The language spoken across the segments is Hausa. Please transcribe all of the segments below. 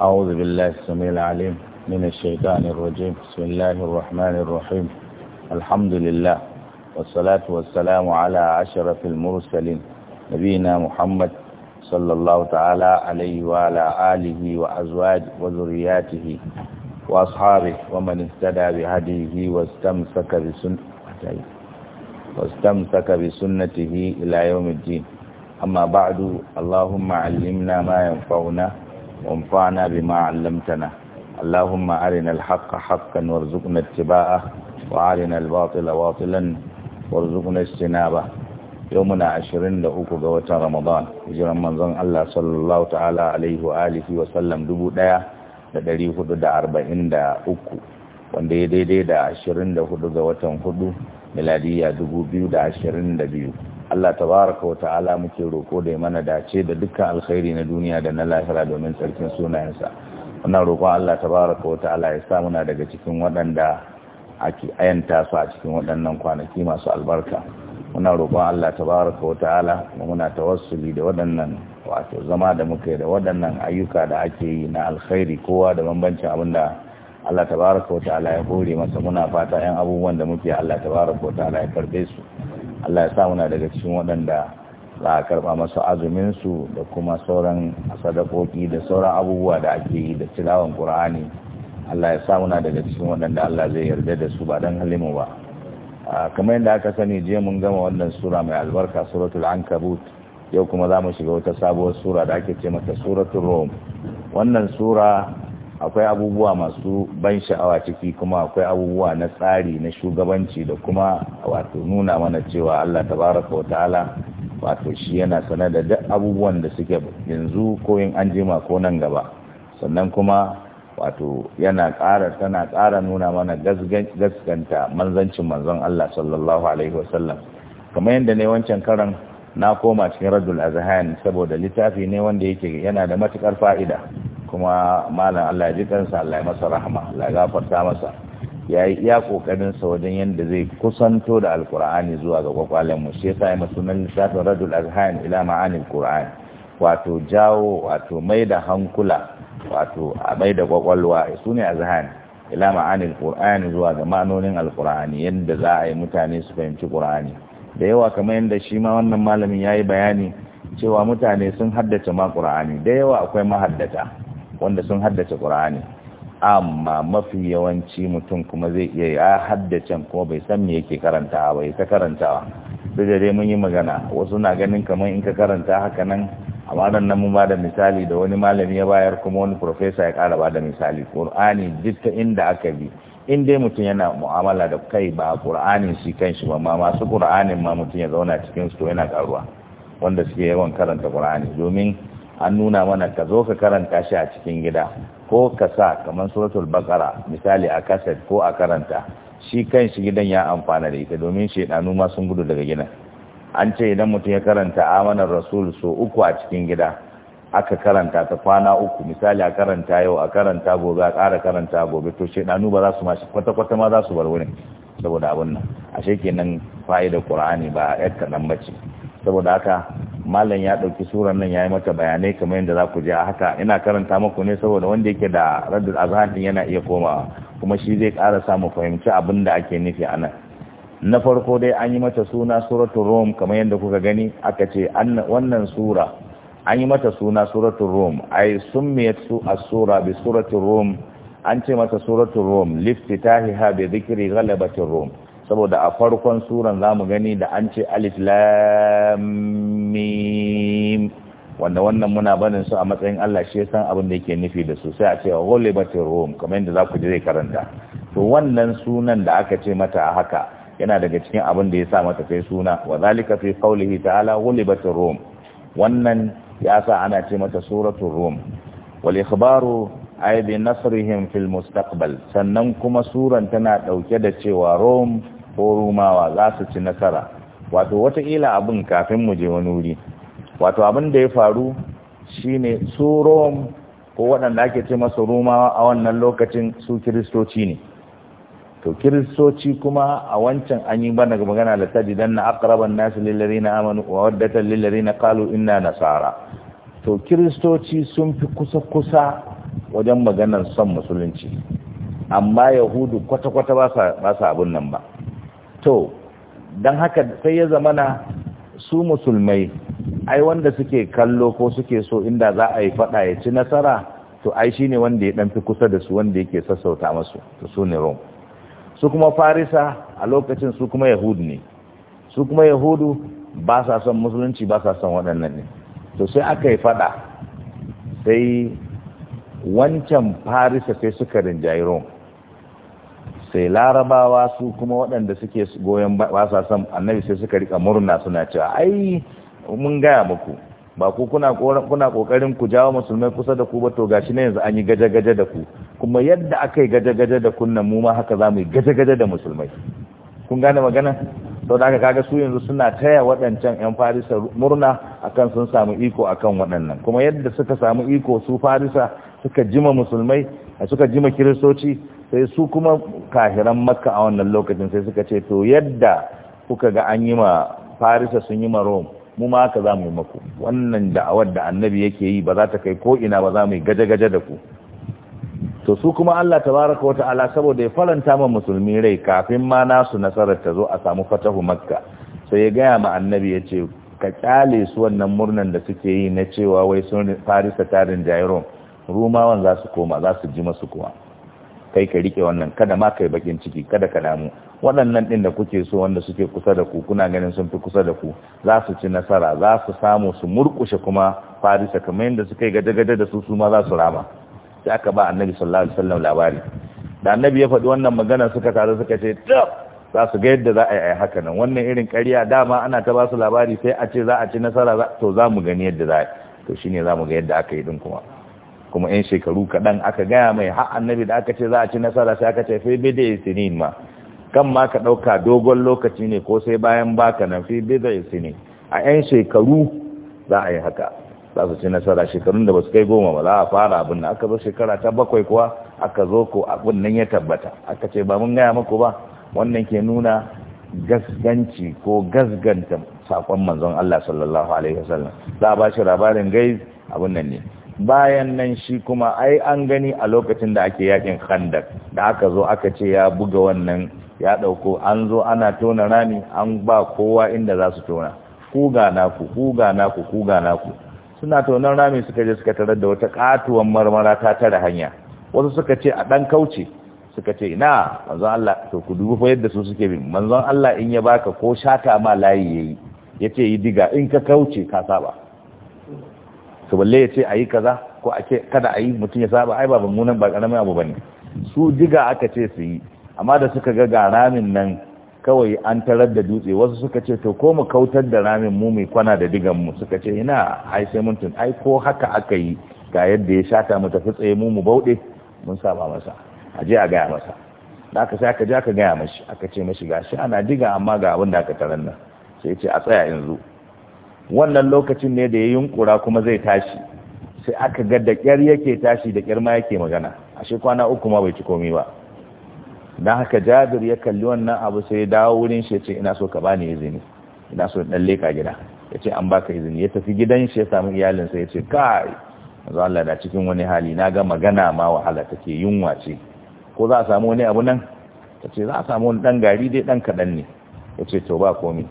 أعوذ بالله السميع العليم من الشيطان الرجيم بسم الله الرحمن الرحيم الحمد لله والصلاة والسلام على أشرف المرسلين نبينا محمد صلى الله تعالى عليه وعلى آله وأزواج وذرياته وأصحابه ومن اهتدى بهديه واستمسك بسنته واستمسك بسنته إلى يوم الدين أما بعد اللهم علمنا ما ينفعنا وانفعنا بما علمتنا اللهم أرنا الحق حقا وارزقنا اتباعه وأرنا الباطل باطلا وارزقنا اجتنابه يومنا عشرين لأوكو قوة رمضان وجرى منظر الله صلى الله تعالى عليه وآله وسلم دبو دايا لدري خدو دا أربعين دا أوكو wanda ya daidai da 24 ga watan 4 miladiya 2022 Allah tabaraka wa ta'ala muke roko da mana dace da dukkan alkhairi na duniya da na lahira domin tsarkin sunayensa muna roko Allah tabaraka wa ta'ala ya sa muna daga cikin waɗanda ake ayanta su a cikin waɗannan kwanaki masu albarka muna roƙon Allah tabaraka wa ta'ala muna tawassuli da waɗannan wato zama da muke da waɗannan ayyuka da ake yi na alkhairi kowa da bambancin abinda da Allah tabaraka wa ta'ala ya kore masa muna fata 'yan abubuwan da muke Allah tabaraka wa ta'ala ya karɓe su Allah ya sa muna daga cikin waɗanda za a karɓa masu azuminsu da kuma sauran sadakoki da sauran abubuwa da ake yi da tilawan ƙur'ani Allah ya sa muna daga cikin waɗanda Allah zai yarda da su ba don halimu ba kamar yadda aka sani je mun gama wannan sura mai albarka suratul ankabut yau kuma za mu shiga wata sabuwar sura da ake ce mata suratul rom wannan sura akwai abubuwa masu ban sha'awa ciki kuma akwai abubuwa na tsari na shugabanci da kuma wato nuna mana cewa Allah tabaraka wa ta'ala wato shi yana sanar da duk abubuwan da suke yanzu ko in an jima ko nan gaba sannan kuma wato yana ƙara tana ƙara nuna mana gaskanta manzancin manzon Allah sallallahu alaihi wasallam kamar yadda ne wancan karan na koma cikin radul azhan saboda littafi ne wanda yake yana da matukar fa'ida kuma malam Allah ya ji kansa Allah ya masa rahama Allah ya gafarta masa ya yi iya kokarin sa wajen yadda zai kusanto da alkur'ani zuwa ga kwakwalen mu shi yasa ya musulman lissafin radul azhan ila ma'ani qur'an wato jawo wato mai da hankula wato a mai da kwakwalwa su ne azhan ila ma'ani qur'ani zuwa ga ma'anonin alkur'ani yadda za a yi mutane su fahimci qur'ani da yawa kamar yadda shi ma wannan malamin ya yi bayani cewa mutane sun haddace ma qur'ani da yawa akwai mahaddata wanda sun haddace qur'ani amma mafi yawanci mutum kuma zai iya ya haddace kuma bai san me yake karantawa bai ta karantawa duk da dai mun yi magana wasu na ganin kamar in ka karanta haka nan a nan nan mun bada misali da wani malami ya bayar kuma wani profesa ya ƙara bada misali ƙur'ani duk ta inda aka bi in dai mutum yana mu'amala da kai ba ƙur'anin shi kan shi ba ma masu ƙur'anin ma mutum ya zauna cikin su yana karuwa wanda suke yawan karanta ƙur'ani domin an nuna mana ka zo ka karanta shi a cikin gida ko ka sa kamar suratul bakara misali a kaset ko a karanta shi kan shi gidan ya amfana da ita domin shedanu ma sun gudu daga gidan an ce idan mutum ya karanta amanar rasul so uku a cikin gida aka karanta ta kwana uku misali a karanta yau a karanta gobe a ƙara karanta gobe to shedanu ba za su ma kwata-kwata ma za su bar wurin saboda abin nan ashe kenan fa'idar qur'ani ba yar kaɗan bace saboda haka malam ya ɗauki suran nan ya yi mata bayanai kamar yadda za ku je a haka ina karanta muku ne saboda wanda yake da raddul azhar din yana iya komawa kuma shi zai ƙara sa mu fahimci abin da ake nufi a nan na farko dai an yi mata suna suratul rum kamar yadda kuka gani aka ce wannan sura an yi mata suna suratul rum ai summiyat su as-sura bi suratul rum an ce mata suratul rum liftitahiha bi dhikri ghalabatir rum saboda a farkon suran za mu gani da an ce alif lamim wanda wannan muna banin su a matsayin Allah shi san abin da yake nufi da su sai a ce ghalibatir rom kamar yadda za ku ji zai karanta to wannan sunan da aka ce mata a haka yana daga cikin abin da ya sa mata kai suna wa zalika fi qawlihi ta'ala ghalibatir rom wannan ya sa ana ce mata suratul rom wal ikhbaru ay bi nasrihim fil mustaqbal sannan kuma suran tana dauke da cewa rom. ko rumawa za su ci nasara wato wataƙila abin kafin mu je wani wuri wato abin da ya faru shine su rom ko waɗanda ake ce masu rumawa a wannan lokacin su kiristoci ne to kiristoci kuma a wancan an yi bana magana da ta jidan na akraban nasu lillari na amanu wa waddatan lillari na kalu ina nasara to kiristoci sun fi kusa-kusa wajen maganar son musulunci amma yahudu kwata-kwata ba sa abin nan ba to don haka sai ya zamana su musulmai ai wanda suke kallo ko suke so inda za a yi fada ya ci nasara to ai shine wanda ya dan kusa da su wanda yake sassauta masu to su ne rom su kuma farisa a lokacin su kuma yahudu ne su kuma yahudu ba sa son musulunci ba sa son waɗannan ne to sai aka yi fada sai wancan farisa sai suka rinjayi rome sai larabawa su kuma waɗanda suke goyon ba sa son annabi sai suka rika murna suna cewa ai mun gaya muku ba ku kuna kuna kokarin ku jawo musulmai kusa da ku ba to gashi ne yanzu an yi gaje-gaje da ku kuma yadda aka yi gaje-gaje da kunnan mu ma haka za mu yi gaje-gaje da musulmai kun gane magana sau da aka kaga su yanzu suna taya waɗancan 'yan farisa murna akan sun samu iko akan waɗannan kuma yadda suka samu iko su farisa suka jima musulmai suka jima kiristoci sai su kuma kahiran makka a wannan lokacin sai suka ce to yadda kuka ga an yi ma farisa sun yi ma rome mu ma aka za mu yi maku wannan da'awar da annabi yake yi ba za ta kai ko'ina ba za mu yi gaje-gaje da ku to su kuma Allah tabaraka wa ta'ala saboda ya faranta ma musulmi rai kafin ma nasu nasarar ta zo a samu fatahu makka sai ya gaya ma annabi ya ce ka kyale su wannan murnan da suke yi na cewa wai sun farisa tarin jairom rumawan za su koma za su ji masu kuma kai ka rike wannan kada ma kai bakin ciki kada ka damu waɗannan ɗin da kuke so wanda suke kusa da ku kuna ganin sun fi kusa da ku za su ci nasara za su samu su murƙushe kuma farisa kamar yadda suka yi gada gada da su su ma za su rama sai aka ba annabi sallallahu alaihi wasallam labari da annabi ya faɗi wannan magana suka taru suka ce tab za su ga yadda za a yi haka nan wannan irin ƙarya dama ana ta ba su labari sai a ce za a ci nasara to za mu gani yadda za a yi to shine za mu ga yadda aka yi din kuma kuma yan shekaru kaɗan aka gaya mai har annabi da aka ce za a ci nasara sai aka ce fi bida isinin ma kan ma ka ɗauka dogon lokaci ne ko sai bayan baka nan fi bida isinin a yan shekaru za a yi haka za su ci nasara shekarun da ba su kai goma ba za a fara abin da aka zo shekara ta bakwai kuwa aka zo ko abin nan ya tabbata aka ce ba mun gaya muku ba wannan ke nuna gasganci ko gasganta sakon manzon Allah sallallahu alaihi wasallam za a ba shi labarin gaiz abin nan ne bayan nan shi kuma ai an gani a lokacin da ake yakin khandak da aka zo aka ce ya buga wannan ya dauko an zo ana tona rami an ba kowa inda za su tona kuga naku kuga naku kuga naku suna tona rami suka je suka tarar da wata katuwan marmara ta tare hanya wasu suka ce a dan kauce suka ce ina manzon Allah to ku dubi fa yadda su suke bin manzon Allah in ya baka ko shata ma layi yayi yace yi diga in ka kauce ka saba su balle ya ce a yi kaza ko a ce kada a yi mutum ya saba ai ba mummunan ba karamin abu bane su jiga aka ce su yi amma da suka ga ga ramin nan kawai an tarar da dutse wasu suka ce to ko mu kautar da ramin mu mai kwana da digan mu suka ce ina ai sai mun tun ai ko haka aka yi ga yadda ya shata mu tafi tsaye mu mu bauɗe mun saba masa a je a gaya masa da aka sai aka je aka gaya mashi aka ce mashi gashi ana diga amma ga abin da aka tarar nan sai ce a tsaya yanzu wannan lokacin ne da ya yunkura kuma zai tashi sai aka ga da ƙyar yake tashi da kyar ma yake magana ashe kwana uku ma bai ci komai ba na haka jabir ya kalli wannan abu sai ya dawo wurin shi ya ce ina so ka bani izini ina so ɗan leƙa gida ya ce an baka izini ya tafi gidan shi ya samu iyalinsa ya ce kai yanzu Allah da cikin wani hali na ga magana ma wahala take yunwa ce ko za a samu wani abu nan ta ce za a samu wani ɗan gari dai ɗan kaɗan ne ya ce to ba komai.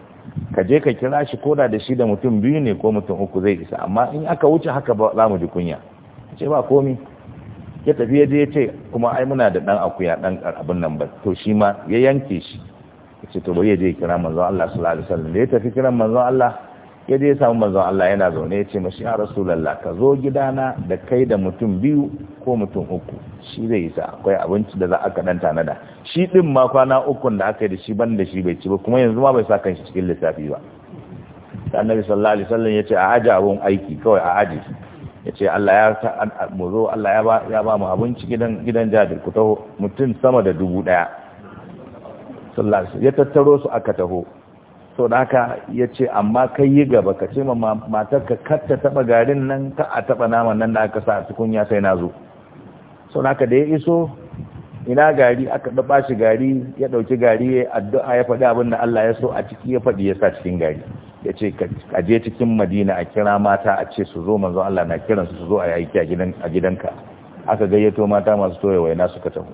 ka je ka kira shi koda da shi da mutum biyu ne ko mutum uku zai isa amma in aka wuce haka ba za mu ji kunya ce ba komi ya tafi ya ya ce kuma ai muna da dan akuya dan abin nan ba to shi ma ya yanke shi ya ce to bari ya je kira manzon Allah sallallahu alaihi wasallam da ya tafi kiran manzon Allah ya je ya samu manzon Allah yana zaune ya ce mashi ya rasulullah ka zo gidana da kai da mutum biyu ko mutum uku shi zai isa akwai abinci da za a kaɗan tanada shi ɗin ma kwana ukun da aka yi da shi ban da shi bai ci ba kuma yanzu ma bai sa kan shi cikin lissafi ba annabi sallallahu alaihi wasallam yace a aji abun aiki kawai a aji yace Allah ya ta muzo Allah ya ba ya ba mu abinci gidan gidan Jabir ku taho mutum sama da dubu daya sallallahu alaihi ya tattaro su aka taho to da haka yace amma kai yi gaba ka ce ma matar ka katta taba garin nan ka a taba naman nan da aka sa tukunya sai na zo sau naka da ya iso ina gari aka daba shi gari ya ɗauki gari ya addu'a ya faɗi abin da Allah ya so a ciki ya faɗi ya sa cikin gari ya ce a je cikin madina a kira mata a ce su zo manzo Allah na kiran su su zo a yi aiki a gidanka aka gayyato mata masu toye waina suka tafi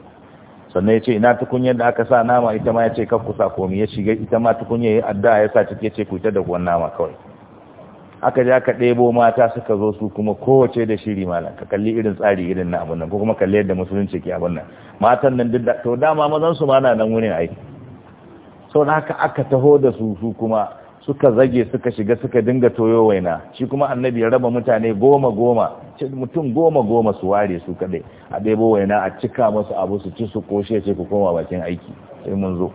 sannan ya ce ina tukunyar da aka sa nama ita ma ya ce kakkusa komi ya shiga ita ma tukunyar ya addu'a ya sa ciki ya ce ku ita da kuwan nama kawai aka ja ka ɗebo mata suka zo su kuma kowace da shiri malam ka kalli irin tsari irin na abun nan ko kuma kalli yadda musulunci ke abun nan matan nan duk da to dama mazan su ma na nan wurin aiki. sau da haka aka taho da su su kuma suka zage suka shiga suka dinga toyo waina shi kuma annabi ya raba mutane goma goma mutum goma goma su ware su kadai a ɗebo waina a cika masu abu su ci su koshe ce ku koma bakin aiki sai mun zo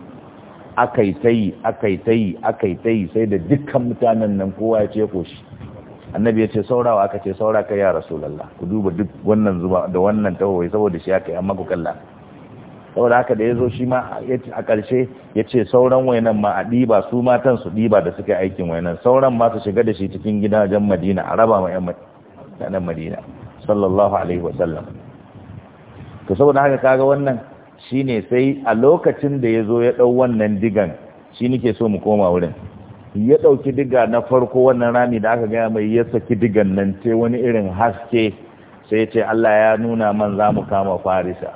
aka yi tayi aka yi tayi aka yi tayi sai da dukkan mutanen nan kowa ya ce koshi annabi ya ce saurawa aka ce saura kai ya rasulallah. ku duba duk wannan zuba da wannan tawai saboda shi aka yi amma ku kalla saboda haka da ya zo shi ma a ƙarshe ya ce sauran wainan ma a ɗiba su matan su ɗiba da suka aikin wainan sauran ma su shiga da shi cikin gidajen madina a raba ma 'yan madina sallallahu alaihi wasallam to saboda haka kaga wannan Shi ne sai a lokacin da ya zo ya ɗau wannan digan shi nike so mu koma wurin ya ɗauki diga na farko wannan rami da aka gaya mai ya saki digan nan ce wani irin haske sai ce Allah ya nuna man za mu kama farisa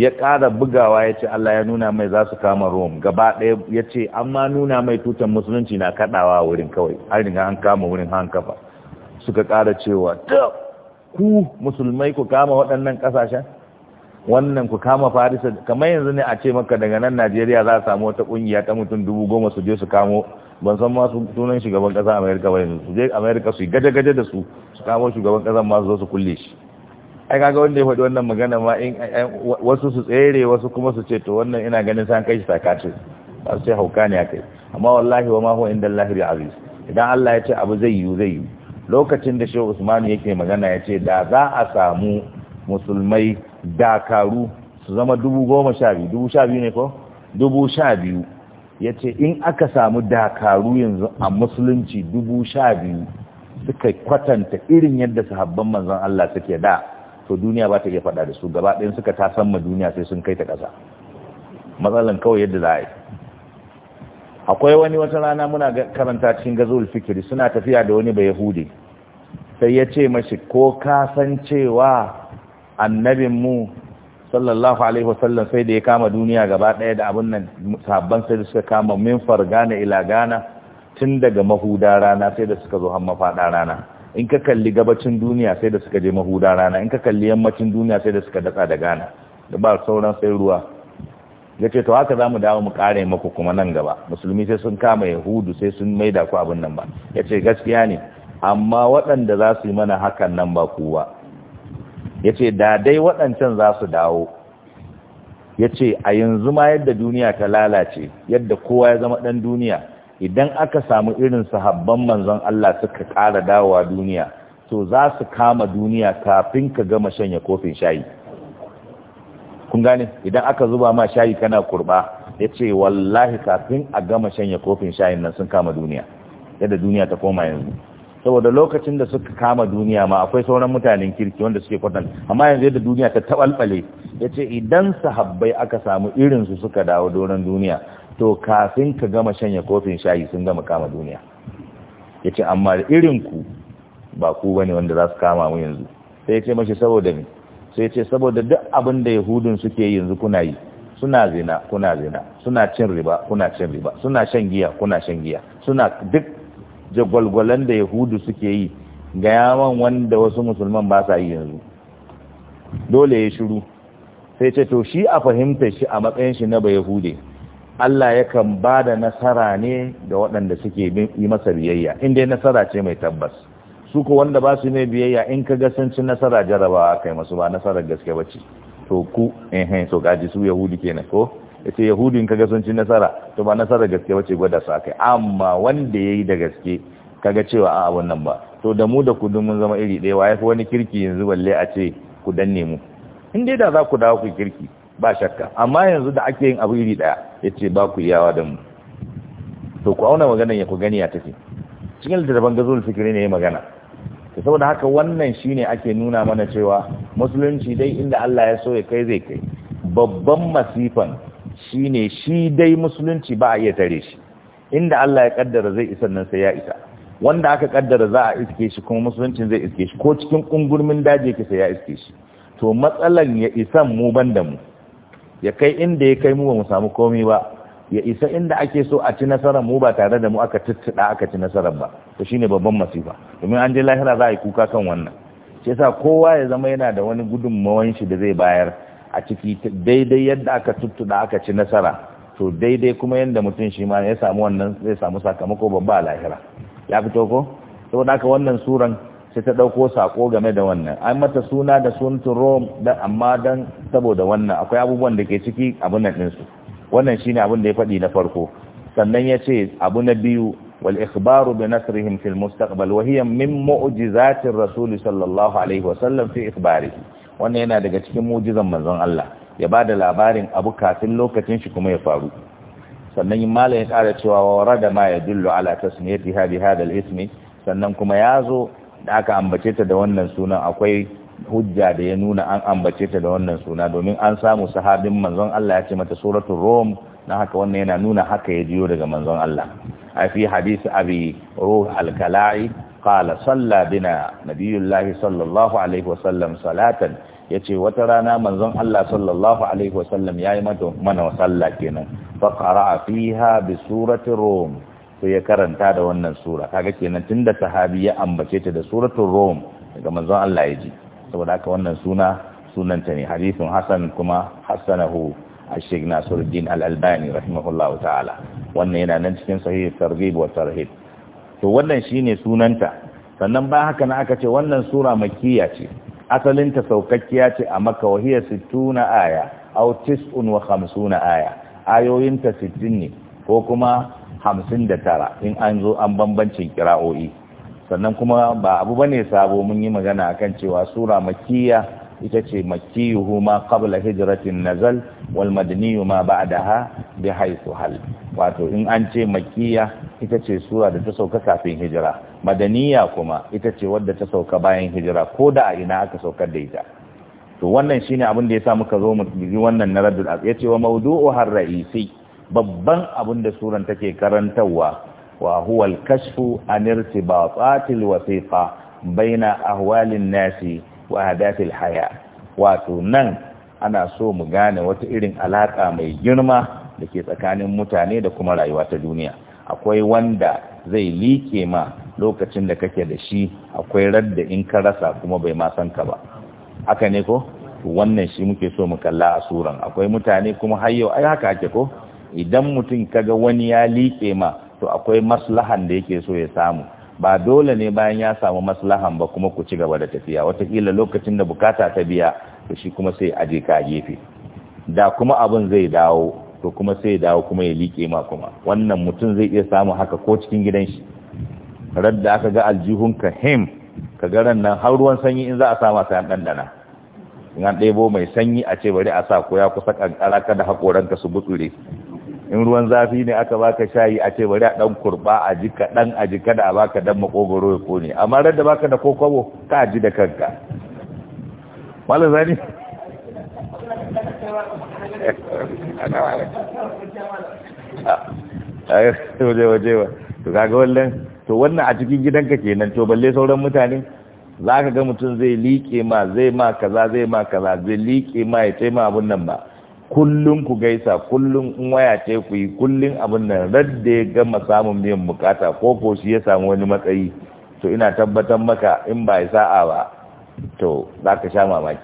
ya ƙara bugawa ya ce Allah ya nuna mai za su kama rom gaba ɗaya ya ce amma nuna mai tutan musulunci na kaɗawa wurin kawai har riga an kama wurin hankafa suka ƙara cewa ku musulmai ku kama waɗannan ƙasashen wannan ku kama farisa kamar yanzu ne a ce maka daga nan najeriya za a samu wata kungiya ta mutum dubu goma su je su kamo ban san masu sunan shugaban kasa amerika ba yanzu su je amerika su yi gaje-gaje da su su kamo shugaban kasa masu zo su kulle shi ai kaga wanda ya faɗi wannan magana ma in wasu su tsere wasu kuma su ce to wannan ina ganin san kai shi sakacin ba su ce hauka ne akai amma wallahi wa ma huwa inda allahi bi aziz idan Allah ya ce abu zai yi zai yi lokacin da Shehu Usman yake magana ya ce da za a samu musulmai dakaru su zama dubu goma sha biyu dubu sha biyu ne ko dubu sha biyu ya ce in aka samu dakaru yanzu a musulunci dubu sha biyu suka kwatanta irin yadda sahabban manzan Allah suke da to duniya ba ta iya faɗa da su gaba ɗin suka ta san ma duniya sai sun kai ta ƙasa matsalan kawai yadda za a yi akwai wani wata rana muna karanta cikin gazul fikiri suna tafiya da wani bai yahudi sai ya ce mashi ko ka san cewa annabin mu sallallahu alaihi wasallam sai da ya kama duniya gaba ɗaya da abin nan sabban sai da suka kama min fargana ila gana tun daga mahuda rana sai da suka zo har mafaɗa rana in ka kalli gabacin duniya sai da suka je mahuda rana in ka kalli yammacin duniya sai da suka datsa da gana da ba sauran sai ruwa ya ce to haka za mu dawo mu kare maku kuma nan gaba musulmi sai sun kama yahudu sai sun maida ku abin nan ba ya ce gaskiya ne amma waɗanda za su yi mana hakan nan ba kowa. ya ce da dai waɗancan za su dawo ya ce a yanzu ma yadda duniya ta lalace yadda kowa ya zama ɗan duniya idan aka samu irin sahabban manzon Allah suka ƙara dawowa duniya to za su kama duniya kafin ka gama shanya kofin shayi kun gane idan aka zuba ma shayi kana kurba ya ce wallahi kafin a gama shanya kofin shayin nan sun kama duniya yadda duniya ta koma yanzu saboda lokacin da suka kama duniya ma akwai sauran mutanen kirki wanda suke kwatan amma yanzu yadda duniya ta tabalbale yace idan sahabbai aka samu irin su suka dawo doron duniya to kafin ka gama shanya kofin shayi sun gama kama duniya yace amma irin ku ba ku bane wanda za su kama mu yanzu sai yace mashi saboda sai yace saboda duk abin da yahudun suke yanzu kuna yi suna zina kuna zina suna cin riba kuna cin riba suna shan giya kuna shan giya suna duk jagwalgwalan da yahudu suke yi ga yawan wanda wasu musulman ba sa yi yanzu dole ya shiru sai ce to shi a fahimta shi a matsayin shi na ba yahude Allah yakan ba da nasara ne ga waɗanda suke yi masa biyayya inda nasara ce mai tabbas su ko wanda ba su mai biyayya in ka ga nasara jarabawa kai masu ba nasarar gaske bace to ku eh eh so gaji su yahudu kenan ko ya ce yahudin kaga sun ci nasara to ba nasara gaske wace gwada su aka amma wanda ya yi da gaske kaga cewa a abun nan ba to da mu da ku mun zama iri ɗaya ya fi wani kirki yanzu balle a ce ku danne mu in dai da za ku dawo ku kirki ba shakka amma yanzu da ake yin abu iri ɗaya ya ce ba ku iyawa da mu to ku auna maganar ya ku gani ya tafi cikin littattafan gazul fikiri ne ya magana ta saboda haka wannan shine ake nuna mana cewa musulunci dai inda Allah ya so ya kai zai kai babban masifan shine shi dai musulunci ba a iya tare shi inda Allah ya kaddara zai isa nan sai ya isa wanda aka kaddara za a iske shi kuma musuluncin zai iske shi ko cikin kungurmin daji ke sai ya iske shi to matsalan ya isan mu banda mu ya kai inda ya kai mu ba mu samu komai ba ya isa inda ake so a ci nasarar mu ba tare da mu aka tuttuɗa aka ci nasarar ba to shine babban masifa domin an je lahira za a yi kuka kan wannan shi yasa kowa ya zama yana da wani gudunmawan shi da zai bayar a ciki daidai yadda aka tuttuɗa aka ci nasara to daidai kuma yadda mutum shi ma ya samu wannan zai samu sakamako babba a lahira ya fito ko saboda haka wannan suran sai ta dauko sako game da wannan an mata suna da suntu rom da amma don saboda wannan akwai abubuwan da ke ciki abun nan ɗinsu wannan shine abin da ya faɗi na farko sannan ya ce abu na biyu wal ikhbaru bi nasrihim fil mustaqbal wa hiya min mu'jizati ar-rasul sallallahu alaihi wa sallam fi ikhbarihi wannan yana daga cikin mujizan manzon Allah ya ba da labarin abu kafin lokacin shi kuma ya faru sannan malam ya tara cewa wa warada ma ya dillu ala tasmiyati hadi hada ismi sannan kuma ya zo da aka ambace ta da wannan sunan akwai hujja da ya nuna an ambace ta da wannan suna domin an samu sahabin manzon Allah ya ce mata suratun rum na haka wannan yana nuna haka ya jiyo daga manzon Allah a fi hadisi abi ruh al-kala'i qala salla bina nabiyullah sallallahu alaihi wasallam salatan ya ce wata rana manzon Allah sallallahu alaihi wasallam ya yi mana wasalla kenan fa qara'a fiha bi surati rum ya karanta da wannan sura kaga kenan tunda sahabi ya ambace ta da suratun rom daga manzon Allah ya ji saboda haka wannan suna sunanta ne hadithun hasan kuma hasanahu الشيخ ناصر الدين الألباني رحمه الله wannan yana nan cikin sahih targhib wa tarhib to wannan shine sunanta sannan ba haka na aka ce wannan sura makiyya ce asalinta saukakkiya ce a maka wahiya sittuna aya aw tis'un wa khamsuna aya ayoyinta sittin ne ko kuma hamsin da tara in an zo an bambancin kira'o'i sannan kuma ba abu bane sabo mun yi magana akan cewa sura makkiya ita ce makiyuhu ma qabla hijratin nazal wal madaniyu ma ba'daha bi haythu hal wato in an ce makiya ita ce sura da ta sauka kafin hijira madaniya kuma ita ce wadda ta sauka bayan hijira ko da a ina aka sauka da ita to wannan shine abin da yasa muka zo mu yi wannan na raddul azab yace wa mawdu'u har ra'isi babban abin da suran take karantawa wa huwa al-kashfu an irtibatat baina ahwalin nasi wa hadafil haya wato nan ana so mu gane wata irin alaka mai girma da ke tsakanin mutane da kuma rayuwa ta duniya akwai wanda zai like ma lokacin da kake da shi akwai radda in ka rasa kuma bai ma san ka ba haka ne ko wannan shi muke so mu kalla a suran akwai mutane kuma har yau ai haka ake ko idan mutum kaga wani ya like ma to akwai maslahan da yake so ya samu ba dole ne bayan ya samu maslahan ba kuma ku ci gaba da tafiya watakila lokacin da bukata ta biya to shi kuma sai aje ka gefe da kuma abin zai dawo to kuma sai dawo kuma ya liƙe ma kuma wannan mutum zai iya samu haka ko cikin gidan shi radda aka ga aljihun ka ka ga ran nan har ruwan sanyi in za a sama sai an dandana in an ɗebo mai sanyi a ce bari a sa ko ya kusa kankara kada hakoranka su butsure in ruwan zafi ne aka baka shayi a ce bari a dan kurba a ji ka dan a ji kada a baka dan makogoro ya kone amma ran da baka da kokobo ka ji da kanka malam zani ah, waje waje wa to kaga wannan to wannan a cikin gidanka kenan to balle sauran mutane za ka ga mutum zai liƙe ma zai ma kaza zai ma kaza zai liƙe ma ya taimaka abun nan ba kullum ku gaisa kullum in waya ce ku yi kullum abin nan radda ya gama samun biyan bukata ko ko shi ya samu wani matsayi to ina tabbatar maka in ba ya sa'a ba to za ka sha mamaki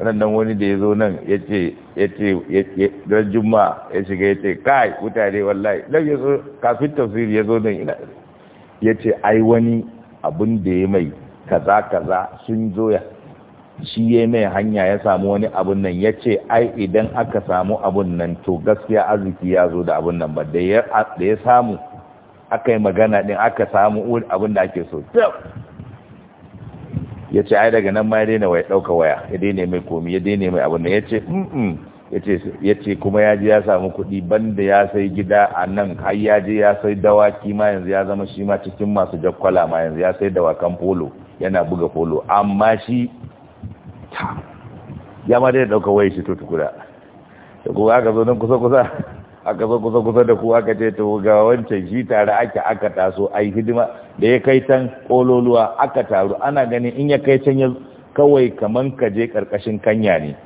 nan wani da ya zo nan ya ce ya ce ya juma ya shiga ya ce kai mutane wallahi dan ya zo kafin tafsir ya zo nan ina ya ce ai wani abin da ya mai kaza kaza sun zo ya shi ya mai hanya ya samu wani abun nan ya ce ai idan aka samu abun nan to gaskiya arziki ya zo da abun nan ba da ya samu aka yi magana din aka samu abun da ake so ya ce ai daga nan ma ya daina waya ɗauka waya ya daina mai komi ya daina mai abun nan ya ce ya ce kuma ya ji ya samu kuɗi banda ya sai gida a nan har ya je ya sai dawaki ma yanzu ya zama shi ma cikin masu jakkwala ma yanzu ya sai dawakan polo yana buga polo amma shi ya ma dai ɗauka wai shi to tukura da ku aka zo nan kusa-kusa aka zo kusa-kusa da ku aka ce to ga wancan shi tare ake aka taso a yi hidima da ya kai can kololuwa aka taru ana ganin in ya kai can yanzu kawai kaman ka je karkashin kanya ne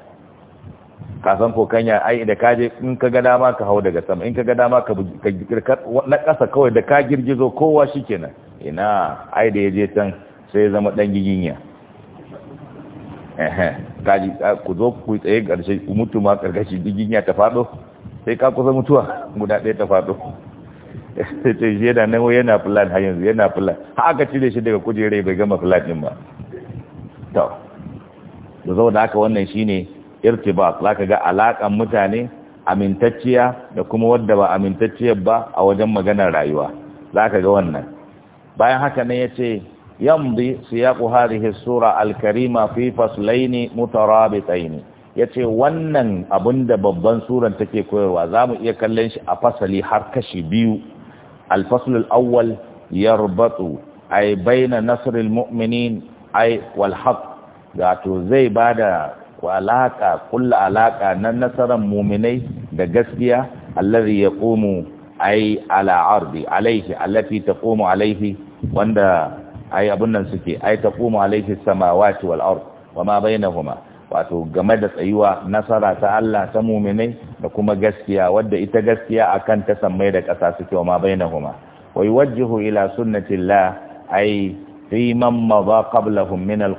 kasan ko kanya ai da ka je in ka ga dama ka hau daga sama in ka ga dama ka na kasa kawai da ka girgizo kowa shi ina ai da ya je can sai ya zama ɗan giginya kaji ku zo ku tsaye ƙarshe mutu ma ƙarƙashi digin ya ta faɗo sai ka kusa mutuwa guda ɗaya ta faɗo sai ta yana nan yana fulani har yanzu yana fulani. har aka cire shi daga kujerai bai gama fulani ɗin ba to da zo da haka wannan shine irtibat ka ga alakan mutane amintacciya da kuma wadda ba amintacciyar ba a wajen maganar rayuwa Za ka ga wannan bayan haka ne ce. yamdi siyaqu hadhihi sura al-karima fi faslain mutarabitain yace wannan abinda babban suran take koyarwa zamu iya kallon shi a fasali har kashi biyu al-fasl al-awwal yarbatu ay baina nasr al-mu'minin ay wal haqq wato zai bada alaka kulla alaka na nasaran mu'minai da gaskiya allazi yaqumu ay ala ardi alayhi allati taqumu alayhi wanda ai abun nan suke ai taqumu alaihi samawati wal ard wa bainahuma wato game da tsayuwa nasara ta Allah ta mu'minai da kuma gaskiya wadda ita gaskiya akan ta sammai da ƙasa suke wa ma bainahuma Wai yuwajjihu ila sunnatillah ai fi man madha qablahum min al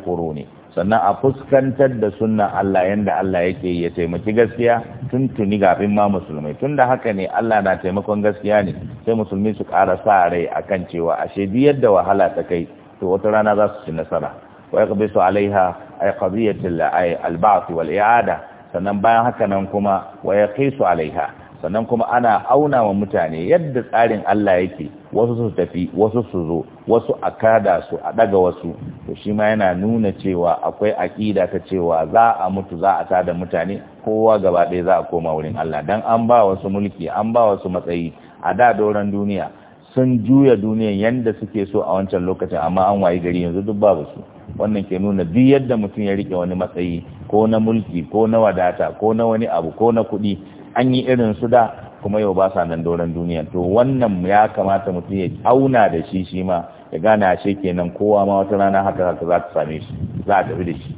sannan a fuskantar da sunna Allah yanda Allah yake ya taimaki gaskiya tun tuni gafin ma musulmai tun da haka ne Allah na taimakon gaskiya ne sai musulmi su ƙara sa rai akan cewa ashe biyar yadda wahala ta kai to wata rana za su ci nasara wa yaqbisu alaiha ay qadiyatul al-ba'th wal i'ada sannan bayan haka nan kuma wa su alaiha sannan kuma ana auna wa mutane yadda tsarin Allah yake wasu su tafi wasu su zo wasu a kada su a daga wasu to shi ma yana nuna cewa akwai aƙida ta cewa za a mutu za a tada mutane kowa gaba ɗaya za a koma wurin Allah dan an ba wasu mulki an ba wasu matsayi a da doron duniya sun juya duniyan yadda suke so a wancan lokacin amma an wayi gari yanzu duk babu su wannan ke nuna duk yadda mutum ya rike wani matsayi ko na mulki ko na wadata ko na wani abu ko na kuɗi an yi irin su da kuma yau ba sa nan doron duniya to wannan ya kamata mutum ya auna da shi shi ma ya gane ashe kenan kowa ma wata rana haka haka za ta same shi za a tafi da shi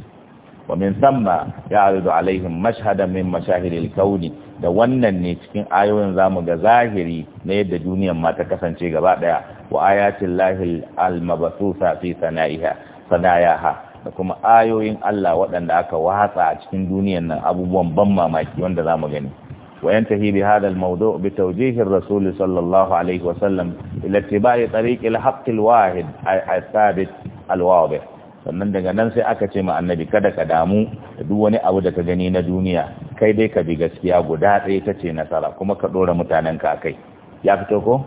ومن ثم يعرض عليهم مشهدا من مشاهد الكون da wannan ne cikin ayoyin zamu ga zahiri na yadda duniyar ma ta kasance gaba daya wa ayatil lahil almabsusa fi sanaiha sanayaha da kuma ayoyin Allah waɗanda aka watsa a cikin duniyar nan abubuwan ban mamaki wanda zamu gani وينتهي بهذا الموضوع بتوجيه الرسول صلى الله عليه وسلم إلى اتباع طريق الحق الواحد al الواضح sannan daga nan sai aka ce ma annabi kada ka damu da duk wani abu da ka gani na duniya kai dai ka bi gaskiya guda ɗaya ta ce nasara kuma ka ɗora mutanen ka kai ya fito ko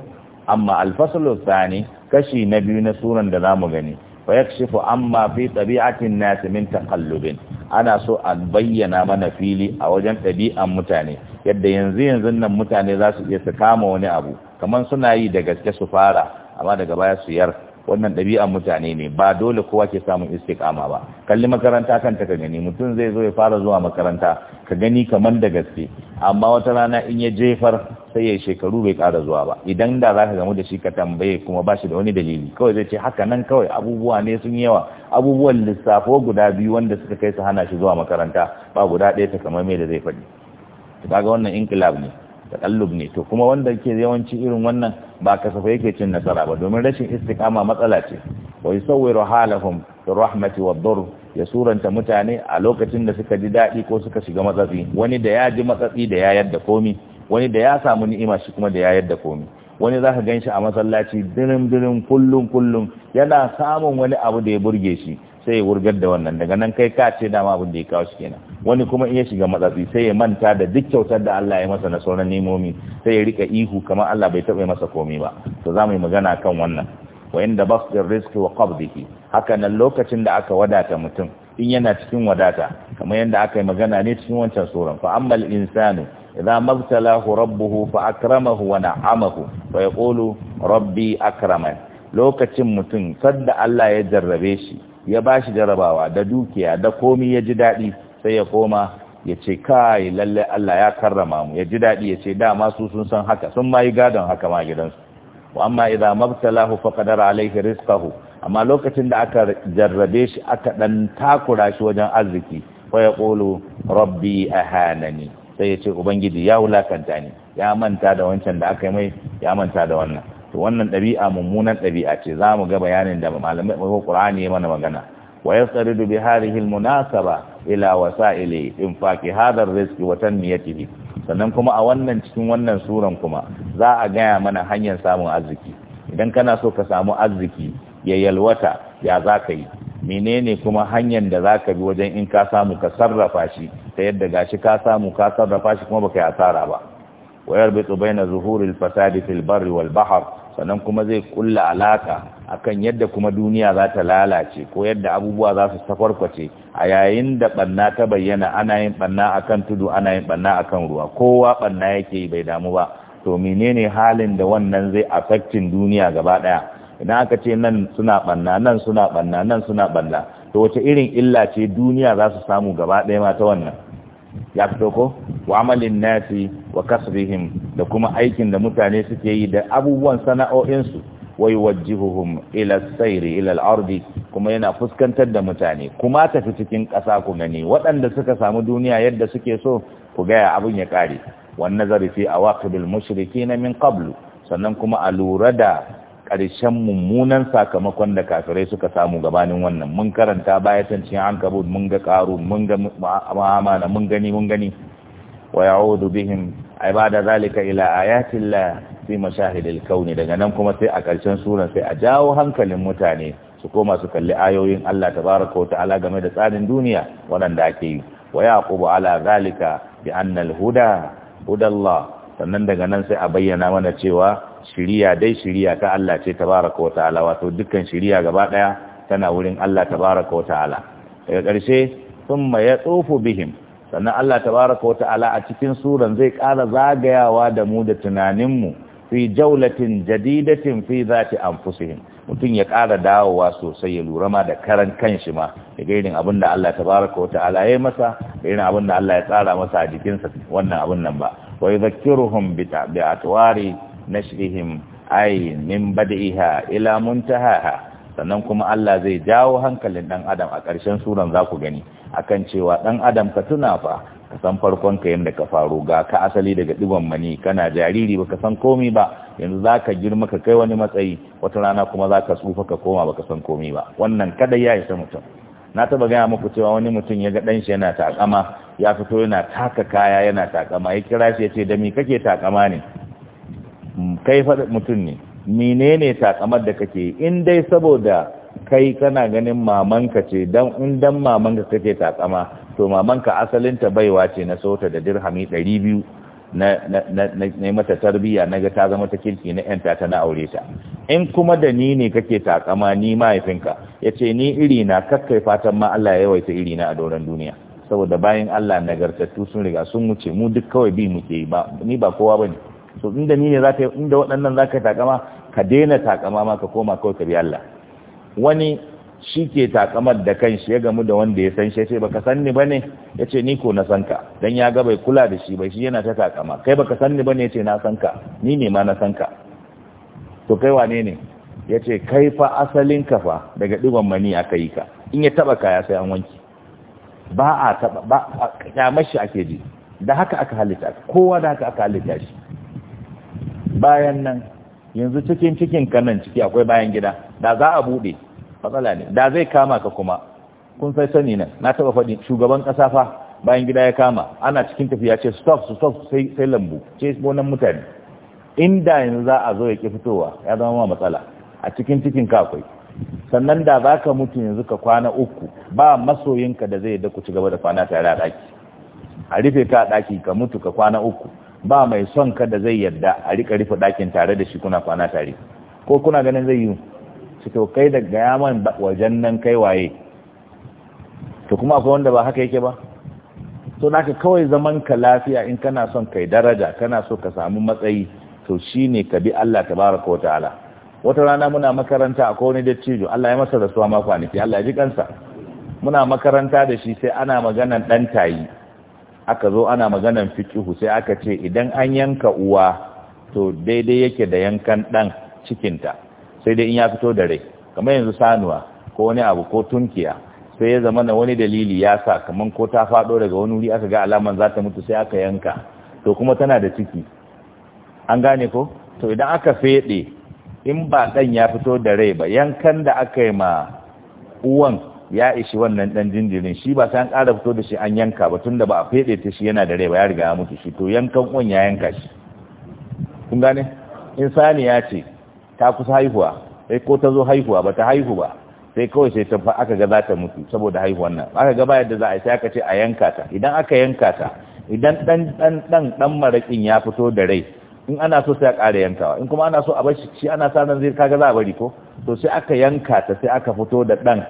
amma alfasalu tsani kashi na biyu na suran da zamu gani fa yakshifu amma fi tabi'atin nas min taqallubin ana so a bayyana mana fili a wajen ɗabi'an mutane yadda yanzu yanzu nan mutane za su iya su kama wani abu kamar suna yi da gaske su fara amma daga baya su yar wannan ɗabi'an mutane ne ba dole kowa ke samun istiqama ba kalli makaranta kan ta gani mutum zai zo ya fara zuwa makaranta ka gani kamar da gaske amma wata rana in ya jefar sai ya yi shekaru bai ƙara zuwa ba idan da za ka gamu da shi ka tambaye kuma ba shi da wani dalili kawai zai ce haka nan kawai abubuwa ne sun yawa abubuwan lissafo guda biyu wanda suka kai su hana shi zuwa makaranta ba guda ɗaya ta kamar mai da zai faɗi kaga wannan inkilab ne takallub ne to kuma wanda ke yawanci irin wannan ba kasafai yake cin nasara ba domin rashin istiqama matsala ce wa yusawwiru halahum bi rahmati wa dur ya suranta mutane a lokacin da suka ji dadi ko suka shiga matsatsi wani da ya ji matsatsi da ya yadda komi wani da ya samu ni'ima shi kuma da ya yadda komi wani zaka ka gan shi a masallaci dirim-dirim kullum-kullum yana samun wani abu da ya burge shi sai ya wurgar da wannan daga nan kai ka ce dama abin da ya kawo shi kenan wani kuma in ya shiga matsatsi sai ya manta da duk kyautar da Allah ya masa na sauran nemomi sai ya rika ihu kamar Allah bai taɓa masa komai ba to za mu yi magana kan wannan wa inda basdir rizqi wa qabdihi haka nan lokacin da aka wadata mutum in yana cikin wadata kamar yadda aka yi magana ne cikin wancan suran fa ammal insanu idza mabtalahu rabbuhu fa akramahu wa na'amahu fa yaqulu rabbi akraman lokacin mutum sadda Allah ya jarrabe shi ya bashi jarrabawa da dukiya da komi ya ji daɗi. sai ya koma ya ce kai lalle Allah ya karrama mu ya ji daɗi ya ce dama su sun san haka sun ma gadon haka ma gidansu wa amma idza mabtalahu faqadara alayhi rizqahu amma lokacin da aka jarrabe shi aka dan takura shi wajen arziki fa qulu rabbi ahanani sai ya ce ubangiji ya wulakanta ni ya manta da wancan da aka yi mai ya manta da wannan to wannan ɗabi'a mummunan ɗabi'a ce za mu ga bayanin da malamai ko qur'ani ya mana magana wa yasridu bi hadhihi almunasaba ila wasa'ili infaqi hadar rizqi wa tanmiyatihi sannan kuma a wannan cikin wannan suran kuma za a gaya mana hanyar samun arziki idan kana so ka samu arziki ya yalwata ya zaka yi menene kuma hanyar da zaka bi wajen in ka samu ka sarrafa shi ta yadda gashi ka samu ka sarrafa shi kuma baka yi asara ba wayar bi baina zuhuril fasadi fil barri wal bahr sannan kuma zai kulla alaka akan yadda kuma duniya za ta lalace ko yadda abubuwa za su safarkwace a yayin da banna ta bayyana ana yin banna akan tudu ana yin banna akan ruwa kowa banna yake bai damu ba to menene halin da wannan zai affecting duniya gaba daya idan aka ce nan suna banna nan suna banna nan suna banna to wace irin illa ce duniya za su samu gaba daya ma ta wannan ya fito ko wa amalin nasi wa kasbihim da kuma aikin da mutane suke yi da abubuwan sana'o'insu wai wajjihuhum ila sayri ila al-ardi kuma yana fuskantar da mutane kuma tafi cikin ƙasa ku gani waɗanda suka samu duniya yadda suke so ku ga ya abun ya kare wan nazari fi awaqibil mushrikin min qablu sannan kuma a lura da ƙarshen mummunan sakamakon da kafirai suka samu gabanin wannan mun karanta baya can an kabud mun ga ƙaru mun ga ma'amana mun gani mun gani wa ya'udu bihim ibada zalika ila ayatillah fi mashahidil kauni daga nan kuma sai a ƙarshen sunan sai a jawo hankalin mutane su koma su kalli ayoyin Allah tabaraka wa ta'ala game da tsarin duniya waɗanda ake yi wa yaqubu ala zalika bi anna huda hudallah sannan daga nan sai a bayyana mana cewa shiriya dai shiriya ta Allah ce tabaraka wa ta'ala wato dukkan shiriya gaba daya tana wurin Allah tabaraka wa ta'ala daga ƙarshe thumma yatufu bihim sannan Allah tabaraka wa ta'ala a cikin suran zai ƙara zagayawa da mu da tunaninmu mu fi jaulatin jadidatin fi zati anfusihim mutum ya ƙara dawowa sosai ya lura ma da karan shi ma daga irin abin da Allah tabaraka wa ta'ala ya masa da irin abin da Allah ya tsara masa a jikinsa wannan abin nan ba wa yadhakkiruhum bi atwari nashrihim ay min bad'iha ila muntahaha sannan kuma Allah zai jawo hankalin dan adam a ƙarshen suran za ku gani akan cewa dan adam ka tuna fa ka san farkon ka yanda ka faru ga ka asali daga digon mani kana jariri baka san komi ba yanzu zaka girma ka kai wani matsayi wata rana kuma zaka tsufa ka koma baka san komi ba wannan kada ya isa mutum na taba gaya muku cewa wani mutum ya ga dan shi yana takama ya fito yana taka kaya yana takama ya kira shi ya ce da me kake takama ne kai faɗi mutum ne menene takamar da kake in dai saboda kai kana ganin mamanka ce dan in dan mamanka kake takama to mamanka asalinta baiwa ce na sota da dirhami 200 na na na mata tarbiya ga ta zama ta kirki na yanta ta na aure ta in kuma da ni ne kake takama ni mahaifinka Ya ce ni iri na kakkai fatan ma Allah ya yawaita iri na a doron duniya saboda bayan Allah nagartattu sun riga sun wuce mu duk kawai bi muke ba ni ba kowa bane so inda ni ne za ka inda waɗannan za ka takama ka daina takama ma ka koma kawai ka bi Allah wani shi ke takamar da kanshi ya gamu da wanda ya san shi ba baka san ni bane ya ce ni ko na san ka dan ya ga bai kula da shi ba shi yana ta takama kai baka san ni bane ya ce na san ka ni ne ma na san ka to kai wane ne ya ce kai fa asalin ka fa daga digon mani aka yi ka in ya taba kaya sai an wanki ba a taba ba a ake ji da haka aka halitta kowa da haka aka halitta shi bayan nan yanzu cikin cikin kanan ciki akwai bayan gida da za a bude matsala ne da zai kama ka kuma kun sai sani nan na taba faɗi shugaban ƙasa fa bayan gida ya kama ana cikin tafiya ce stop stop sai sai lambu ce bonan mutane inda yanzu za a zo ya ki fitowa ya zama ma matsala a cikin cikin ka akwai sannan da za ka mutu yanzu ka kwana uku ba masoyinka da zai da ku ci gaba da kwana tare a ɗaki a rufe ka a ɗaki ka mutu ka kwana uku ba mai son kada zai yarda a rika rufe dakin tare da shi kuna kwana tare ko kuna ganin zai yi su to kai da gaya man wajen nan kai waye to kuma akwai wanda ba haka yake ba to naka kawai zaman ka lafiya in kana son kai daraja kana so ka samu matsayi to shine ka bi Allah tabaraka wa ta'ala wata rana muna makaranta akwai wani dattijo Allah ya masa rasuwa ma kwanaki Allah ya ji kansa muna makaranta da shi sai ana maganan dan tayi aka zo ana maganan fikihu sai aka ce idan an yanka uwa to daidai yake da yankan ɗan cikinta sai dai in ya fito da rai kamar yanzu sanuwa ko wani abu ko tunkiya sai ya zama na wani dalili ya sa kamar ko ta faɗo daga wani wuri aka ga alaman za ta mutu sai aka yanka to kuma tana da ciki an gane ko to idan aka feɗe in ba ɗan ya fito da rai ba yankan da aka yi ma uwan ya ishi wannan dan jinjirin shi ba sai an kara fito da shi an yanka ba tunda ba a fede ta shi yana da rai ba ya riga ya mutu shi to yankan kun ya yanka shi kun gane insani ya ce ta kusa haihuwa sai ko ta zo haihuwa ba ta haihu ba sai kawai sai ta aka ga za ta mutu saboda haihuwan nan aka ga baya da za a sai aka ce a yanka ta idan aka yanka ta idan dan dan dan dan marakin ya fito da rai in ana so sai a ƙara yankawa in kuma ana so a bar shi ana sa zai kaga za a bari ko to sai aka yanka ta sai aka fito da dan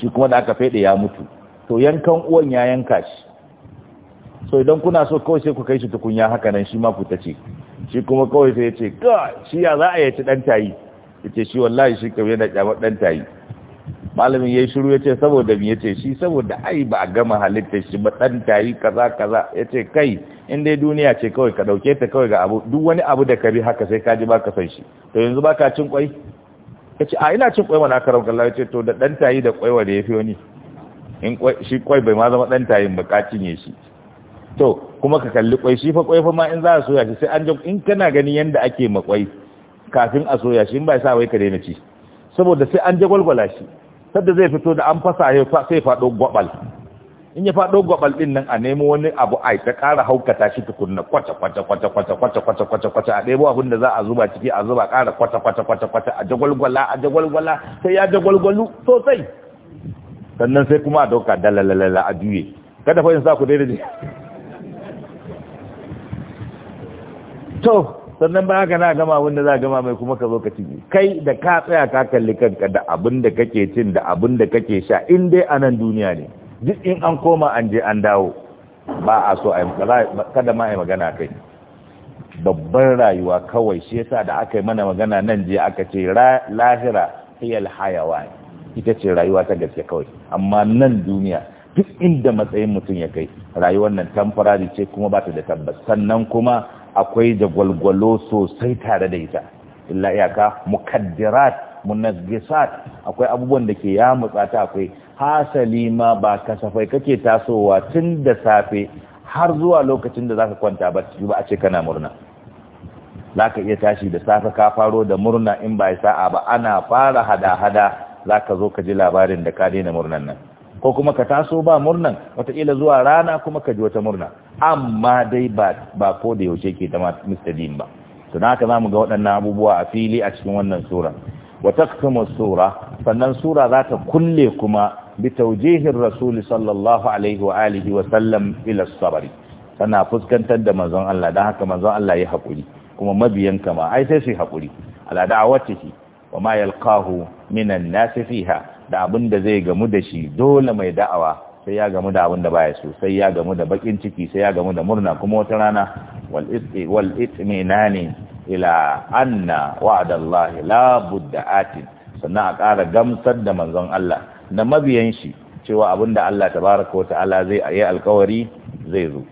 shi kuma da aka fede ya mutu to yankan uwan ya yanka shi so idan kuna so kawai sai ku kai shi tukunya haka nan shi ma ku tace shi kuma kawai sai ya ce ka shi ya za a yaci dan tayi yace shi wallahi shi kawai yana kyamar dan tayi malamin yayi shiru yace saboda me yace shi saboda ai ba a gama halittar shi ba dan tayi kaza kaza yace kai in dai duniya ce kawai ka dauke ta kawai ga abu duk wani abu da ka bi haka sai ka ji ba ka san shi to yanzu baka cin kwai ka ce a ina cin kwaiwa na karam kalla ya ce to da ɗan tayi da kwaiwa da ya fi wani in shi kwai bai ma zama ɗan tayin ba ka ya shi to kuma ka kalli kwai shi fa kwai fa ma in za a soya shi sai an ji in kana gani yanda ake ma kwai kafin a soya shi in ba sa wai ka daina ci saboda sai an jagwalgwala shi sadda zai fito da an fasa sai faɗo gwabal in ya faɗo gwabal ɗin nan a nemo wani abu a ta ƙara haukata shi tukunna kwata kwata kwata kwata kwata kwata kwata kwata a ɗebo abin da za a zuba ciki a zuba ƙara kwata kwata kwata kwata a jagwalgwala a jagwalgwala sai ya jagwalgwalu sosai sannan sai kuma a dauka dalalalala a juye kada fa yin sa ku daidai to sannan ba haka na gama wanda za a gama mai kuma ka zo ka cinye kai da ka tsaya ka kalli kanka da abin da kake cin da abin da kake sha in dai a nan duniya ne duk in an koma an je an dawo ba a so a kada ma a magana kai babban rayuwa kawai shi yasa da aka yi mana magana nan je aka ce lahira hiyal hayawa ita ce rayuwa ta gaske kawai amma nan duniya duk inda matsayin mutum ya kai rayuwar nan tamfarari ce kuma ba ta da tabbas sannan kuma akwai jagwalgwalo sosai tare da ita illa iyaka mukaddirat munazgisat akwai abubuwan da ke ya mutsata akwai hasali ma ba kasafai kake tasowa tun da safe har zuwa lokacin da zaka kwanta barci ba a ce kana murna zaka iya tashi da safe ka faro da murna in ba sa'a ba ana fara hada-hada zaka zo ka ji labarin da ka daina murnan nan ko kuma ka taso ba murnan wataƙila zuwa rana kuma ka ji wata murna amma dai ba ko da yaushe ke zama din ba to haka za mu ga waɗannan abubuwa a fili a cikin wannan sura wata kuma sura sannan sura za ta kulle kuma bitaujihin rasuli sallallahu alaihi wa sallam ila sabari tana fuskantar da manzon Allah dan haka manzon Allah ya hakuri kuma mabiyan kama ai sai su yi haƙuri ala da'awatihi wa ma yalqahu minan nasi fiha da abin da zai gamu da shi dole mai da'awa sai ya gamu da abin da baya so sai ya gamu da bakin ciki sai ya gamu da murna kuma wata rana wal itmi wal itminani ila anna wa'dallahi la budda atin sannan a ƙara gamsar da manzon Allah da mabiyan shi cewa abin da Allah tabaraka wa ta'ala zai yi alkawari zai zo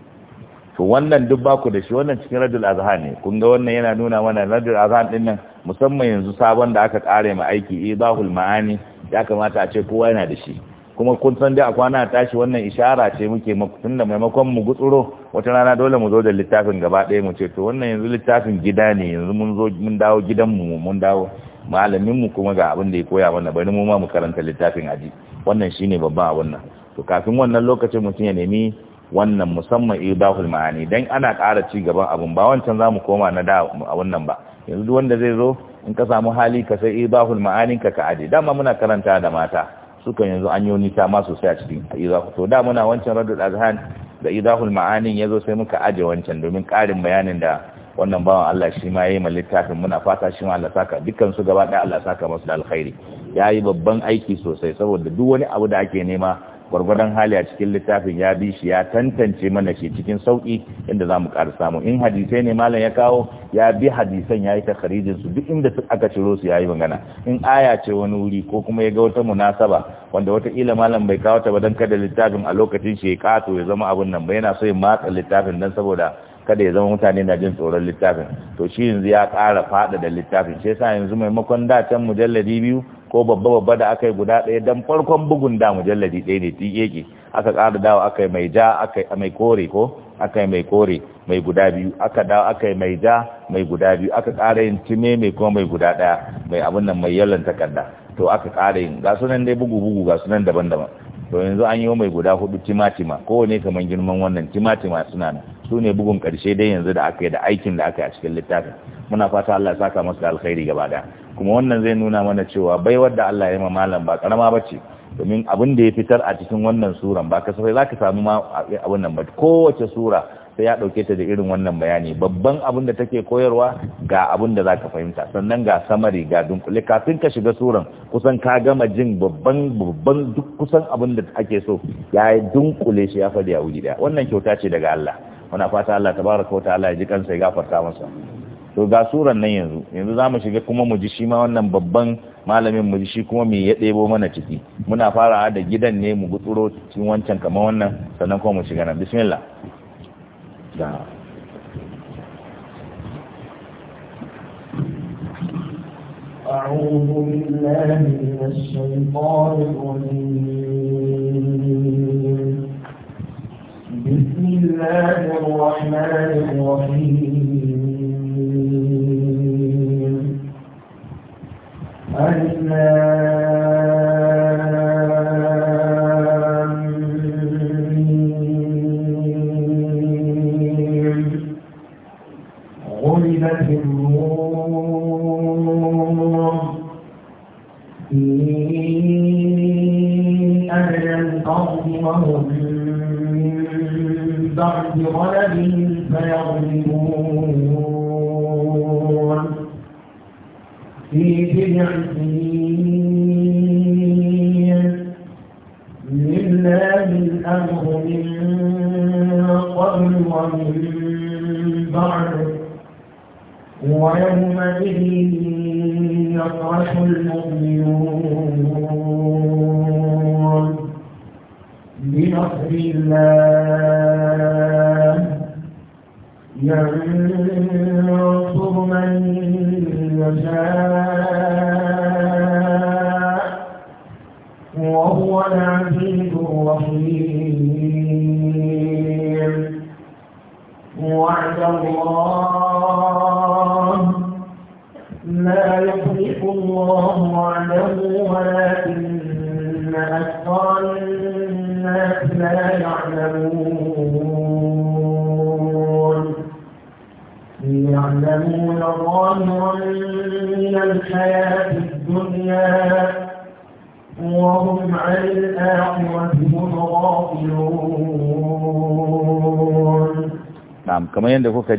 to wannan duk baku da shi wannan cikin radul azhan ne kun ga wannan yana nuna mana radul azhan din nan musamman yanzu sabon da aka kare mai aiki idahul ma'ani ya kamata a ce kowa yana da shi kuma kun san dai a kwana tashi wannan ishara ce muke tun da maimakon mu gutsuro wata rana dole mu zo da littafin gaba ɗaya mu ce to wannan yanzu littafin gida ne yanzu mun zo mun dawo gidan mu mun dawo malaminmu kuma ga abin da ya koya mana bari mu ma mu karanta littafin aji wannan shine babban abin nan to kafin wannan lokacin mutum ya nemi wannan musamman idahul ma'ani dan ana ƙara ci gaban abun ba wancan zamu koma na da a wannan ba yanzu duk wanda zai zo in ka samu hali ka sai idahul ma'anin ka ka aje dama muna karanta da mata suka yanzu an yi ta ma sosai a cikin idahu to da muna wancan radul azhan da idahul ma'anin yazo sai muka aje wancan domin ƙarin bayanin da wannan bawan Allah shi ma yayi littafin muna fata shi ma Allah saka dukkan su gaba ɗaya Allah saka masu da alkhairi yayi babban aiki sosai saboda duk wani abu da ake nema gwargwadon hali a cikin littafin ya bi shi ya tantance mana shi cikin sauki inda za mu ƙara samu in hadisai ne malam ya kawo ya bi hadisan ya yi ta su duk inda su aka ciro su ya yi magana in aya ce wani wuri ko kuma ya ga wata munasaba wanda wataƙila malam bai kawo ta ba don kada littafin a lokacin shi ya kato ya zama abun nan ba yana so ya matsa littafin don saboda kada ya zama mutane na jin tsoron littafin to shi yanzu ya kara faɗa da littafin shi yasa yanzu maimakon da can mujalladi biyu ko babba babba da aka yi guda ɗaya dan farkon bugun da mujalladi ɗaya ne tiƙeƙe aka ƙara dawo aka yi mai ja mai kore ko aka mai kore mai guda biyu aka dawo aka mai ja mai guda biyu aka ƙara yin time mai kuma mai guda ɗaya mai abin nan mai yallon takarda to aka ƙara yin ga sunan dai bugu bugu ga sunan daban-daban to yanzu an yi mai guda hudu timatima kowane kamar girman wannan timatima suna nan su ne bugun ƙarshe dai yanzu da aka yi da aikin da aka yi a cikin littafin muna fata Allah ya saka masa alkhairi gaba da kuma wannan zai nuna mana cewa baiwar da Allah ya ma malam ba karama bace domin abin da ya fitar a cikin wannan suran ba kasafai zaka samu ma abin nan ba kowace sura sai ya dauke ta da irin wannan bayani babban abin da take koyarwa ga abin da zaka fahimta sannan ga samari ga dunkule kafin ka shiga suran kusan ka gama jin babban babban duk kusan abin da ake so ya dunkule shi ya fadi a wuri wannan kyauta ce daga Allah muna fata Allah tabaraka wa ta'ala ya ji kansa ya gafarta masa to ga suran nan yanzu yanzu zamu shiga kuma mu ji shi ma wannan babban malamin mu ji shi kuma me ya debo mana ciki muna fara da gidan ne mu gutsuro cikin wancan kamar wannan sannan kuma mu shiga nan bismillah da أعوذ بالله من الشيطان الرجيم الله الرحمن الرحيم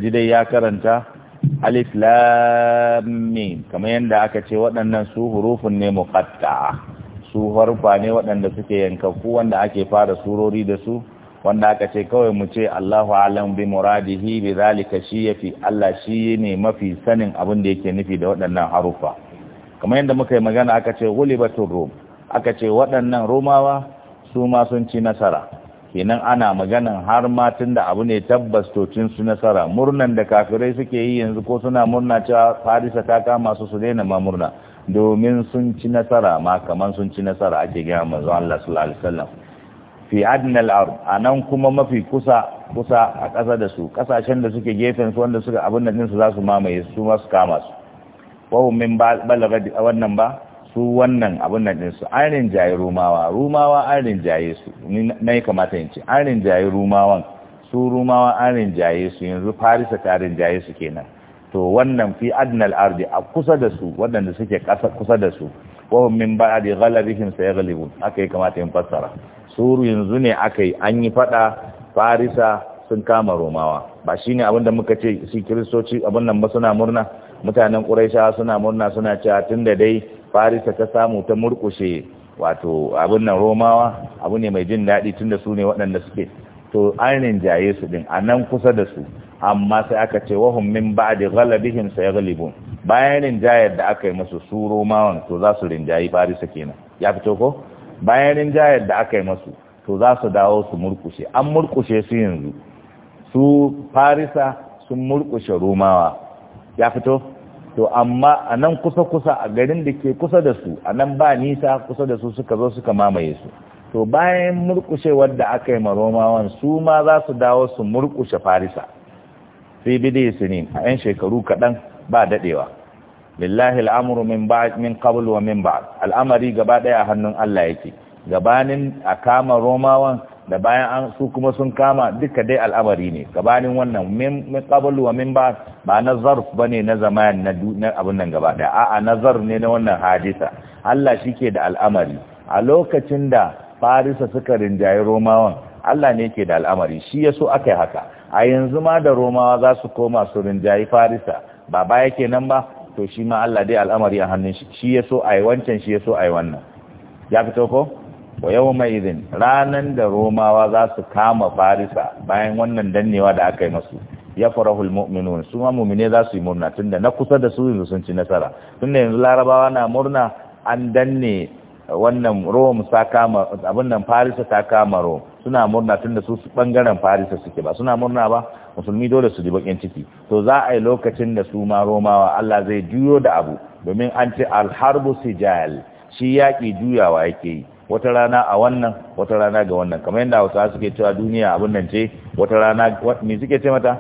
yanzu dai ya karanta alif lam kamar yadda aka ce waɗannan su hurufun ne muqatta'a su harfa ne waɗanda suke yankaku wanda ake fara surori da su wanda aka ce kawai mu ce Allahu alam bi muradihi bi zalika shi yafi Allah shi ne mafi sanin abin da yake nufi da waɗannan harufa kamar yadda muka yi magana aka ce ghulibatur rum aka ce waɗannan romawa su ma sun ci nasara kenan ana maganan har ma da abu ne tabbas to tun su nasara murnan da kafirai suke yi yanzu ko suna murna cewa farisa ta kama su su daina ma murna domin sun ci nasara ma kaman sun ci nasara ake gaya manzo Allah sallallahu alaihi wasallam fi adnal ard anan kuma mafi kusa kusa a ƙasa da su ƙasashen da suke gefen su wanda suka abin da su za su mamaye su ma su kama su wa min balagadi wannan ba su wannan abin nan su an rinjaye rumawa rumawa an rinjaye su na yi kamata yin ce an rinjaye rumawan su rumawa an rinjaye su yanzu farisa ta rinjaye su kenan to wannan fi adnal ardi a kusa da su waɗanda suke kusa da su wahun min ba a ba'di sai galibu aka yi kamata yin fassara suru yanzu ne aka yi an yi fada farisa sun kama romawa ba shine abin da muka ce su kiristoci abin nan ba suna murna mutanen quraisha suna murna suna cewa tun da dai farisa ta samu ta murkushe wato abin nan romawa abu ne mai jin daɗi tun da su ne waɗanda suke to an rinjaye su din a nan kusa da su amma sai aka ce wahun min ba'di ya galibu bayan rinjayar da aka yi masu su romawan to za su rinjayi farisa kenan ya fito ko bayan rinjayar da aka yi masu to za su dawo su murkushe an murkushe su yanzu su farisa sun murkushe romawa ya fito to amma a nan kusa-kusa a garin da ke kusa da su a nan ba nisa kusa da su suka zo suka mamaye su to bayan murkushewar da aka yi maromawan su ma za su dawo su murkushe farisa sai bide su ne a 'yan shekaru kaɗan ba daɗewa lillahi al'amuru min ba min wa min ba al'amari gaba ɗaya hannun Allah yake gabanin a kama romawan da bayan an su kuma sun kama duka dai al'amari ne gabanin wannan min qablu wa min ba ba na zarf bane na zaman na abin nan gaba da a'a nazar ne na wannan hadisa Allah shike da al'amari a lokacin da Farisa suka rinjayi Romawan Allah ne yake da al'amari shi yaso akai haka a yanzu ma da Romawa za su koma su rinjaye Farisa ba baya kenan ba to shi ma Allah dai al'amari a hannun shi shi yaso ai wancan shi yaso ai wannan ya fito ko wa yau mai izin ranar da romawa za su kama farisa bayan wannan dannewa da aka yi masu ya fara mu'minun su ma mummine za su yi murna tunda na kusa da su yanzu sun ci nasara tunda yanzu larabawa na murna an danne wannan rom ta kama abin nan farisa ta kama rom suna murna tunda su bangaren farisa suke ba suna murna ba musulmi dole su ji bakin ciki to za a yi lokacin da su ma romawa Allah zai juyo da abu domin an ce alharbu sijal shi yaƙi juyawa yake yi wata rana a wannan wata rana ga wannan kamar yadda hausa suke cewa duniya abin nan ce wata rana ne suke ce mata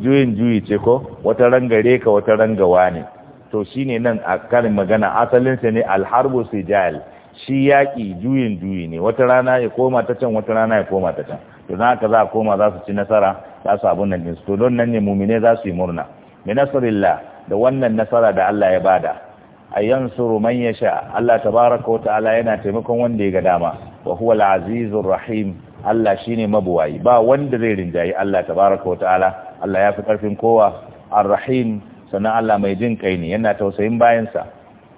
juyin juyi ce ko wata rangare ka wata rangawa ne to shine nan a karin magana asalinsa ne alharbo sijal shi yaƙi juyin juyi ne wata rana ya koma ta can wata rana ya koma ta can to na ka za a koma za su ci nasara za su abin nan ɗinsu to don nan ne mumine za su yi murna da wannan nasara da Allah ya bada a yansuru man sha Allah tabaraka wata'ala yana taimakon wanda ya ga dama wa huwa al-azizur rahim Allah shine mabuwayi ba wanda zai rinjayi Allah tabaraka wata'ala Allah ya fi karfin kowa ar-rahim sannan Allah mai jin kai ne yana tausayin bayansa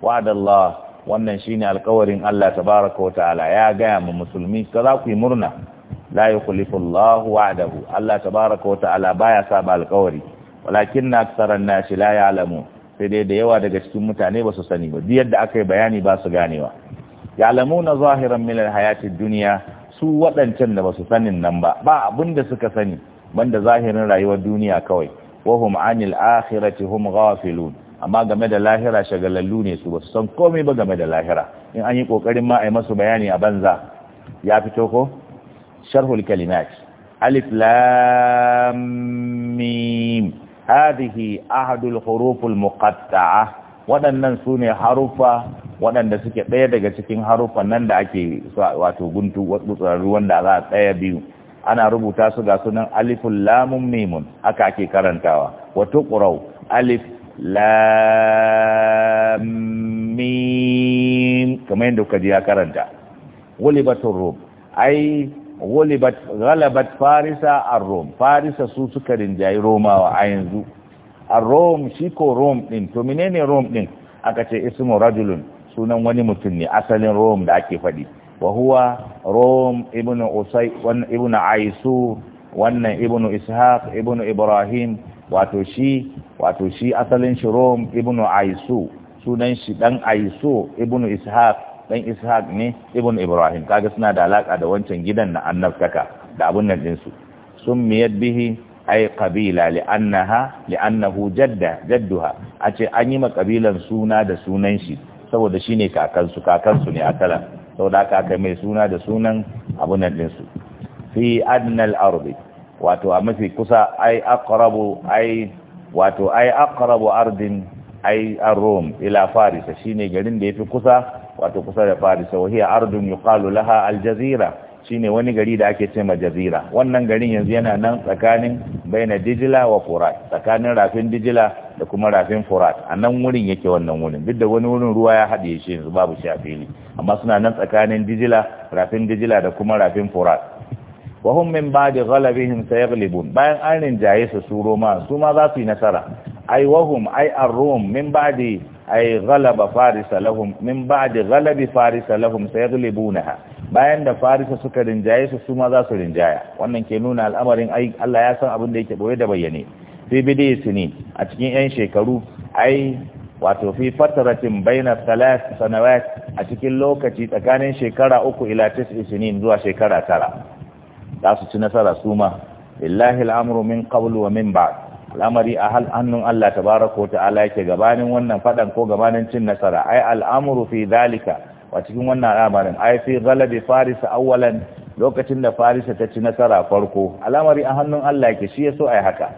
wa'adallah wannan shine alƙawarin Allah tabaraka wata'ala ya gaya mu musulmi ka za ku yi murna la yukhlifu Allah wa'dahu Allah tabaraka wata'ala baya ba alƙawari walakin aktharan nasi la ya'lamun sai dai da yawa daga cikin mutane ba su sani ba duk yadda aka yi bayani ba su ganewa ya'lamuna zahiran min hayatid dunya su wadancan da ba su sanin nan ba ba abun da suka sani banda zahirin rayuwar duniya kawai hum anil akhirati hum ghafilun amma game da lahira shagalallu ne su ba su san komai ba game da lahira in an yi kokarin ma a yi masu bayani a banza ya fito ko sharhul kalimat alif lam mim هذه ahadul huruful muqatta'a waɗannan su ne haruffa waɗanda suke ɗaya daga cikin harufan nan da ake wato guntu gutsararru wanda za a tsaya biyu ana rubuta su ga sunan alifun lamun mimun haka ake karantawa wato ƙurau alif lamim kamar yadda kuka ji ya karanta gulibatun rub ai غلبت Farisa a الروم Farisa su suka rinjayi romawa a yanzu الروم shi ko rom din to menene rom din aka ce ismu rajulun sunan wani mutum ne asalin rom da ake faɗi wa huwa rom ibnu usay wannan ibnu ishaq ibnu ibrahim wato shi asalin shi rom ibnu aisu sunan shi dan aisu ibnu ishaq dan ishaq ne ibn ibrahim kaga suna da alaka da wancan gidan na annabtaka da abun nan din su miyad bihi ay qabila li'annaha li'annahu jadda jadduha ace an yi ma kabilan suna da sunan shi saboda shine kakan su kakan su ne akala saboda aka kai mai suna da sunan abun nan din su fi adnal ardi wato a mafi kusa ai aqrabu ay wato ay aqrabu ardin ay arum ila Farisa shine garin da yafi kusa wato kusa da Faris wa hiya ardun yuqalu laha al shine wani gari da ake cewa jazira wannan garin yanzu yana nan tsakanin baina dijila wa Furat tsakanin rafin dijila da kuma rafin Furat a nan wurin yake wannan wurin duk da wani wurin ruwa ya haɗe shi yanzu babu shi a fili amma suna nan tsakanin dijila rafin dijila da kuma rafin Furat wa hum min ba'di ghalabihim sayaghlibun bayan an rinjaye su su Roma su ma za su yi nasara ai wahum ai ar-rum min ba'di ay ghalaba farisa lahum min ba'di ghalabi farisa lahum sayaghlibunaha bayan da farisa suka rinjaye su su za su rinjaya wannan ke nuna al'amarin ai Allah ya san abin da yake boye da bayyane fi bidi sini a cikin yan shekaru ai wato fi fataratin baina thalath sanawat a cikin lokaci tsakanin shekara uku ila tis'i sinin zuwa shekara tara za su ci nasara suma? ma lillahi al'amru min qablu wa min ba'd al'amari a hannun Allah tabaraka wa ta'ala yake gabanin wannan fadan ko gabanin cin nasara ai al'amru fi zalika wa cikin wannan al'amarin ai fi ghalabi farisa awalan lokacin da Farisa ta ci nasara farko al'amari a hannun Allah yake shi a yi haka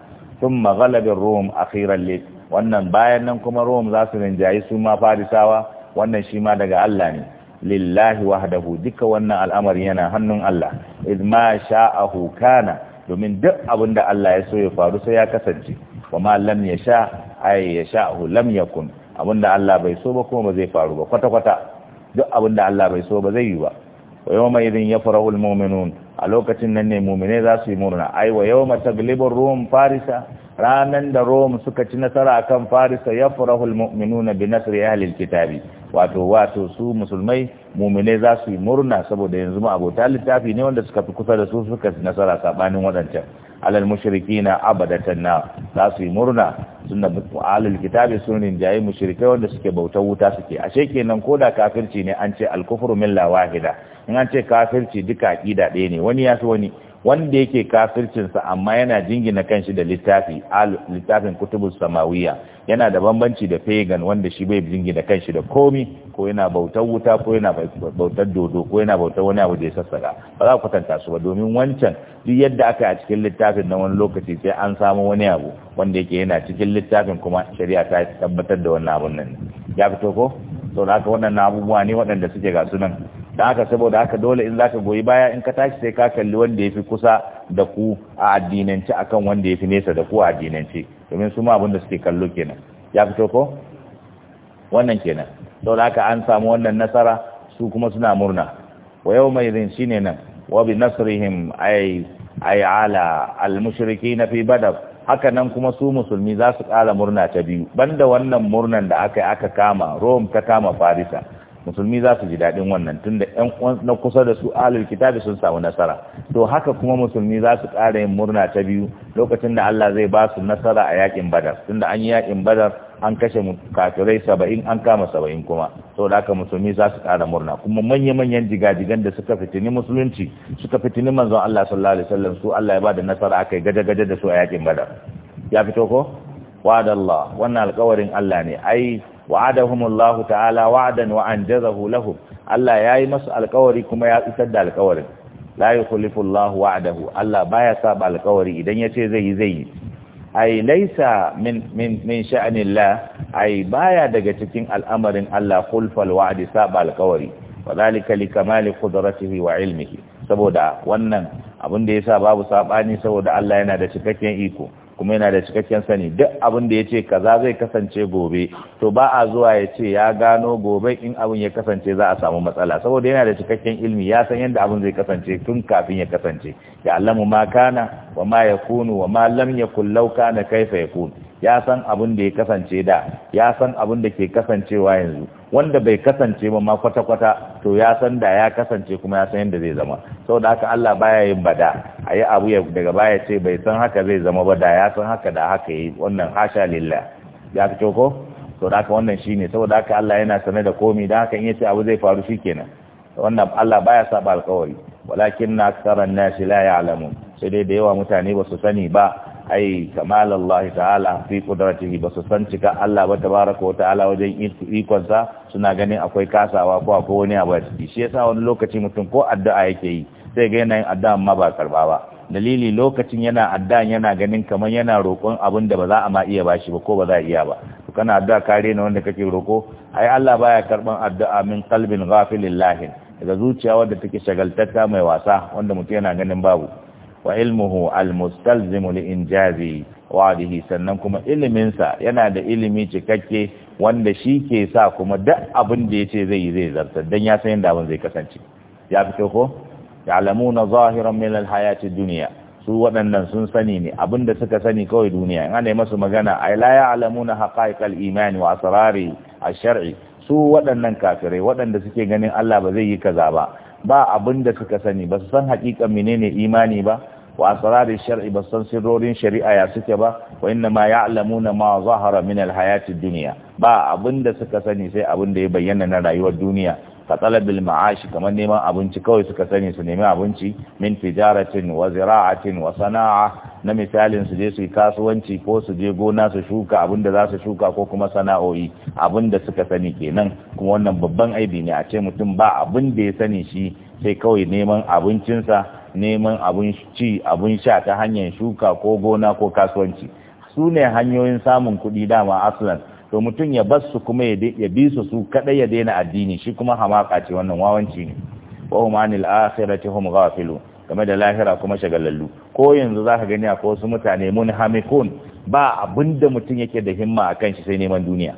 galabin Rome a akhiran li wannan bayan nan kuma Rome za su rinjayi su ma farisawa wannan shi ma daga Allah ne lillahi wahdahu duka wannan al'amari yana hannun Allah idma sha'ahu kana domin duk abin da Allah ya so ya faru sai ya kasance wa ma lam yasha ay yasha'u lam yakun abin da Allah bai so ba kuma ba zai faru ba kwata kwata duk abin da Allah bai so ba zai yi ba wa yawma idhin yafrahu almu'minun a lokacin nan ne mu'mine za su yi murna ai wa yawma taglibu rum farisa ranan da rom suka ci nasara akan farisa yafrahu almu'minuna bi nasri ahli alkitabi wato wato su musulmai mumine za su yi murna saboda yanzu ma abota littafi ne wanda suka fi kusa da su suka nasara sabanin waɗancan alal mushrikina abadatan na za su yi murna sunna alal kitabi sun rinjaye mushrikai wanda suke bauta wuta suke ashe kenan koda kafirci ne an ce alkufru milla wahida in an ce kafirci duka aqida ɗaya ne wani ya fi wani wanda yake kafircinsa amma yana jingina kanshi da littafi littafin kutubus samawiya yana da bambanci da pagan wanda shi bai jingi da kanshi da komi ko yana bautar wuta ko yana bautar dodo ko yana bautar wani abu da ya sassaka ba za ku kwatanta su ba domin wancan duk yadda aka yi a cikin littafin na wani lokaci sai an samu wani abu wanda yake yana cikin littafin kuma shari'a ta tabbatar da wannan abun nan ya fito ko to haka wannan abubuwa ne waɗanda suke ga sunan da haka saboda haka dole in zaka goyi baya in ka tashi sai ka kalli wanda ya fi kusa da ku a addinance akan wanda ya fi nesa da ku a addinance domin su ma abinda da suke kallo kenan ya fito ko wannan kenan sau da aka an samu wannan nasara su kuma suna murna wa yau mai zin shi ne nan wa bi nasrihim ay ay ala al na fi badar haka nan kuma su musulmi za su kala murna ta biyu banda wannan murnan da aka aka kama rom ta kama farisa musulmi za su ji daɗin wannan tunda ƴan na kusa da su alul kitabi sun samu nasara to haka kuma musulmi za su ƙara yin murna ta biyu lokacin da Allah zai ba su nasara a yakin badar tunda an yi yakin badar an kashe kafirai saba'in an kama saba'in kuma sau da haka musulmi za su ƙara murna kuma manya-manyan jigajigan da suka fitini musulunci suka fitini manzon Allah sallallahu alaihi wasallam su Allah ya ba da nasara aka yi gaje-gaje da su a yakin badar ya fito ko wa'adallah wannan alƙawarin Allah ne ai wa'adahumullahu ta'ala wa'dan wa anjazahu lahum Allah yi masu alƙawari kuma ya isar da alƙawarin la yukhlifullahu wa'dahu Allah baya saba alƙawari idan yace zai yi zai yi laisa min min min sha'anillah baya daga cikin al'amarin Allah khulfal wa'adi. saba alƙawari wadhalika likamali qudratihi wa ilmihi saboda wannan abin da ya sa babu sabani saboda Allah yana da cikakken iko kuma yana da cikakken sani duk abin da ya ce kaza zai kasance gobe to ba a zuwa ya ce ya gano gobe in abin ya kasance za a samu matsala saboda yana da cikakken ilmi ya san yadda abin zai kasance tun kafin ya kasance ya allamu ma kana wa ma ya kunu wa ma lam ya kullau kana kaifa kunu. ya san abin da ya kasance da ya san abin da ke kasancewa yanzu wanda bai kasance ba ma kwata-kwata to ya san da ya kasance kuma ya san yadda zai zama sau da haka Allah baya yin bada a yi abu daga baya ce bai san haka zai zama ba da ya san haka da haka yi wannan hasha lillah ya fito ko sau da haka wannan shi ne sau da haka Allah yana sane da komi da haka in ya ce abu zai faru shi kenan wannan Allah baya saba alkawari walakin na na shi la yalamu sai dai da yawa mutane ba su sani ba ai kamal Allah ta'ala fi qudratihi basu san cika Allah ba tabaraka wa ta'ala wajen ikon sa suna ganin akwai kasawa ko akwai wani abu shi yasa wani lokaci mutum ko addu'a yake yi sai ga yana yin addu'a amma ba karba ba dalili lokacin yana addu'a yana ganin kamar yana roƙon abin da ba za a ma iya bashi ba ko ba za a iya ba to kana addu'a kare na wanda kake roƙo ai Allah baya karban addu'a min qalbin ghafilin daga zuciya wadda take shagaltatta mai wasa wanda mutum yana ganin babu wa ilmuhu almustalzimu li injazi wa'dihi sannan kuma iliminsa yana da ilimi cikakke wanda shi ke sa kuma duk abin da yace zai yi zai zartar dan ya san yanda abin zai kasance ya fito ko ya'lamuna zahiran min alhayati dunya su waɗannan sun sani ne abin da suka sani kawai duniya in ana yi masu magana ai la ya'lamuna haqa'iqal imani wa asrari ash-shar'i su waɗannan kafirai waɗanda suke ganin Allah ba zai yi kaza ba ba abin da suka sani ba su san hakikan menene imani ba wa asrarin shar'i ba san sirrorin shari'a ya suke ba wa inna ma ya'lamuna ma zahara min alhayati dunya ba da suka sani sai abinda ya bayyana na rayuwar duniya ka talabil ma'ashi kamar neman abinci kawai suka sani su nemi abinci min tijaratin wa zira'atin wa sana'a na misalin su je su yi kasuwanci ko su je gona su shuka abinda za su shuka ko kuma sana'o'i abinda suka sani kenan kuma wannan babban aibi ne a ce mutum ba abin da ya sani shi sai kawai neman abincinsa neman abun ci abun sha ta hanyar shuka ko gona ko kasuwanci su ne hanyoyin samun kuɗi dama aslan to mutum ya bar su kuma ya bi su su kadai ya daina addini shi kuma hamaka ce wannan wawanci ne wa hum anil akhirati hum ghafilun game da lahira kuma shagalallu ko yanzu zaka gani akwai wasu mutane munhamikun ba abinda mutum yake da himma akan shi sai neman duniya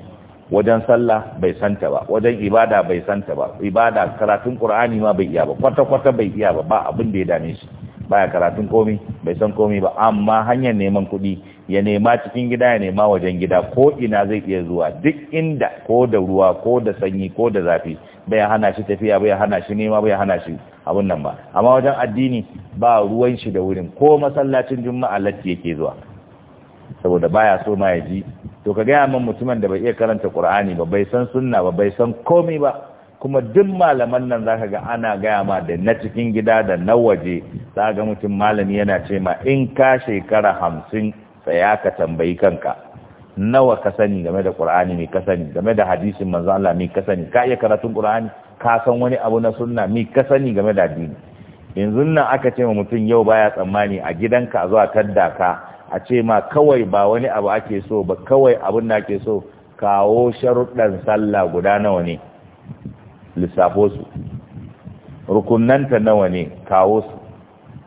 wajen sallah bai santa ba wajen ibada bai santa ba ibada karatun qur'ani ma bai iya ba kwata kwata bai iya ba ba abin da ya dame shi baya karatun komi bai san komi ba amma hanyar neman kuɗi ya nema cikin gida ya nema wajen gida ko ina zai iya zuwa duk inda ko da ruwa ko da sanyi ko da zafi bai hana shi tafiya bai hana shi nema bai hana shi abun nan ba amma wajen addini ba ruwan shi da wurin ko masallacin juma'a latti yake zuwa saboda baya so ma ya ji to ka gaya man mutumin da bai iya karanta qur'ani ba bai san sunna ba bai san komai ba kuma duk malaman nan zaka ga ana gaya ma da na cikin gida da na waje zaka ga mutum malami yana ce in ka shekara hamsin ya ka tambayi kanka nawa ka sani game da qur'ani mai ka sani game da hadisin manzo Allah mai ka sani ka iya karatun qur'ani ka san wani abu na sunna mai ka sani game da addini yanzu nan aka ce ma mutum yau baya tsammani a gidanka zuwa tadda ka a ce ma kawai ba wani abu ake so ba kawai abin da ake so kawo sharuɗan sallah guda nawa ne lissafo su rukunanta nawa ne kawo su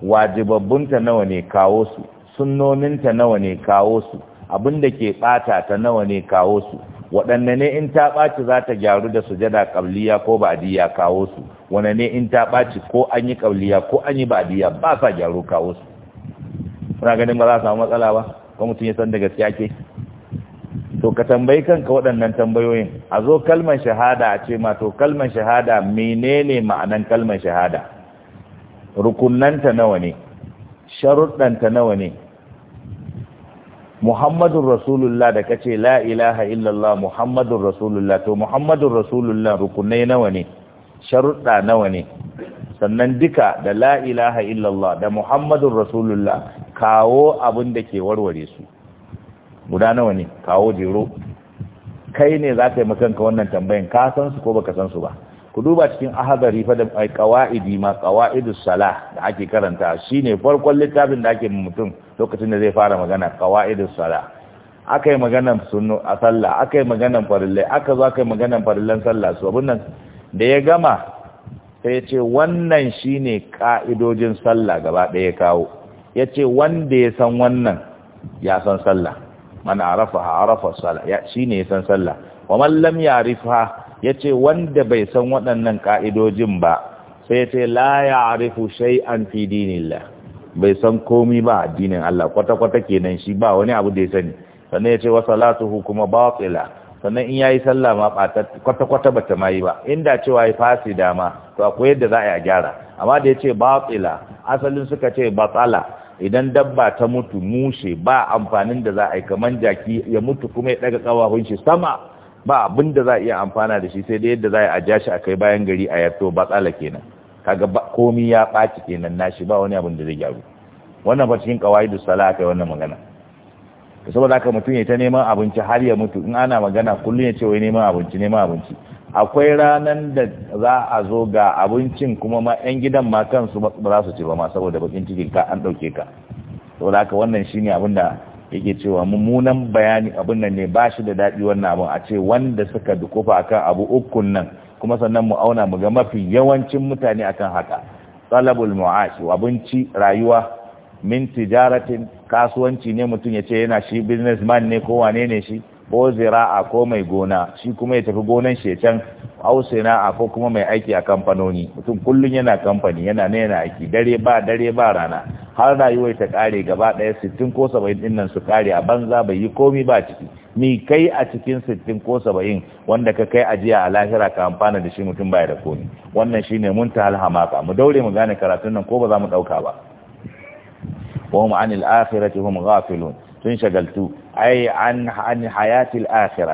wajibabbunta nawa ne kawo su sunnoninta nawa ne kawo su abin da ke ɓata ta nawa ne kawo su waɗanne ne in ta ɓaci za ta gyaru da sujada ƙabliya ko ba'adiyya kawo su wane ne in ta ɓaci ko an yi ƙabliya ko an yi ba'adiyya ba sa gyaru kawo su suna ganin ba za a samu matsala ba ko mutum ya san da gaskiya ke to ka tambayi kanka waɗannan tambayoyin a zo kalmar shahada a ce ma to kalmar shahada menene ma'anan kalmar shahada rukunnanta nawa ne sharuɗanta nawa ne muhammadun rasulullah da kace la ilaha illallah muhammadun rasulullah to muhammadun rasulullah rukunai nawa ne sharuɗa nawa ne sannan duka da la ilaha illallah da muhammadun rasulullah kawo abin da ke warware su guda nawa ne kawo jero kai ne za ka yi makanka wannan tambayin ka san su ko baka san su ba ku duba cikin ahadari fa da qawaidi ma qawaidus salah da ake karanta shine farkon littafin da ake mutum lokacin da zai fara magana qawaidus salah akai maganan sunnu a sallah akai maganan farillai aka zo akai maganan farillan sallah su abun nan da ya gama sai ya ce wannan shi ne ka'idojin sallah gaba ɗaya kawo ya ce wanda ya san wannan ya san sallah mana arafa arafa sallah shi ne ya san sallah wa mallam ya rifa ya ce wanda bai san waɗannan ka'idojin ba sai ya ce la ya shai an fi dinillah bai san komi ba addinin Allah kwata-kwata kenan shi ba wani abu da ya sani sannan ya ce kuma batila sannan in ya yi sallah ma ɓata kwata-kwata bata ma yi ba inda cewa ya fasi dama to akwai yadda za a yi a gyara amma da ya ce batsila asalin suka ce batsala idan dabba ta mutu mushe ba amfanin da za a yi kamar jaki ya mutu kuma ya ɗaga ƙawahun shi sama ba abin da za a iya amfana da shi sai dai yadda za a ja shi a kai bayan gari a yarto batsala kenan kaga komi ya ɓaci kenan nashi ba wani abin da zai gyaru wannan ba cikin kawaidu da kai wannan magana to saboda haka mutum ya ta neman abinci har ya mutu in ana magana kullum ya ce wai neman abinci neman abinci akwai ranan da za a zo ga abincin kuma ma yan gidan ma kansu ba za su ce ba ma saboda bakin cikin ka an dauke ka saboda haka wannan shine abin da yake cewa mummunan bayani abin nan ne ba shi da daɗi wannan abin a ce wanda suka dukufa akan abu ukun nan kuma sannan mu auna mu ga mafi yawancin mutane akan haka talabul mu'ash abinci rayuwa min tijaratin kasuwanci ne mutum ya ce yana shi businessman ne ko wane ne shi ko zira'a ko mai gona shi kuma ya tafi gonan shi can a ko kuma mai aiki a kamfanoni mutum kullum yana kamfani yana ne yana aiki dare ba dare ba rana har rayuwar ta kare gaba daya sittin ko saba'in din nan su kare a banza bai yi komi ba ciki mi kai a cikin sittin ko 70 wanda ka kai ajiya a lahira ka amfana da shi mutum baya da komi wannan shine mun ta halhamaka mu daure mu gane karatun nan ko ba za mu dauka ba wa hum anil akhirati hum ghafilun sun shagaltu ai an an hayatil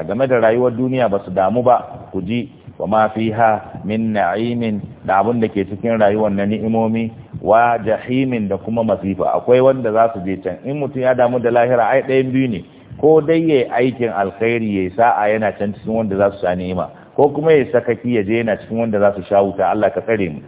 game da rayuwar duniya basu damu ba ku ji wa ma min na'imin da abun da ke cikin rayuwar na ni'imomi wa da kuma masifa akwai wanda za su je can in mutum ya damu da lahira ai ɗayan biyu ne ko dai yayi aikin alkhairi yayi sa'a yana can cikin wanda za su sha ni'ima ko kuma ya sakaki ya je yana cikin wanda za su sha wuta Allah ka tsare mu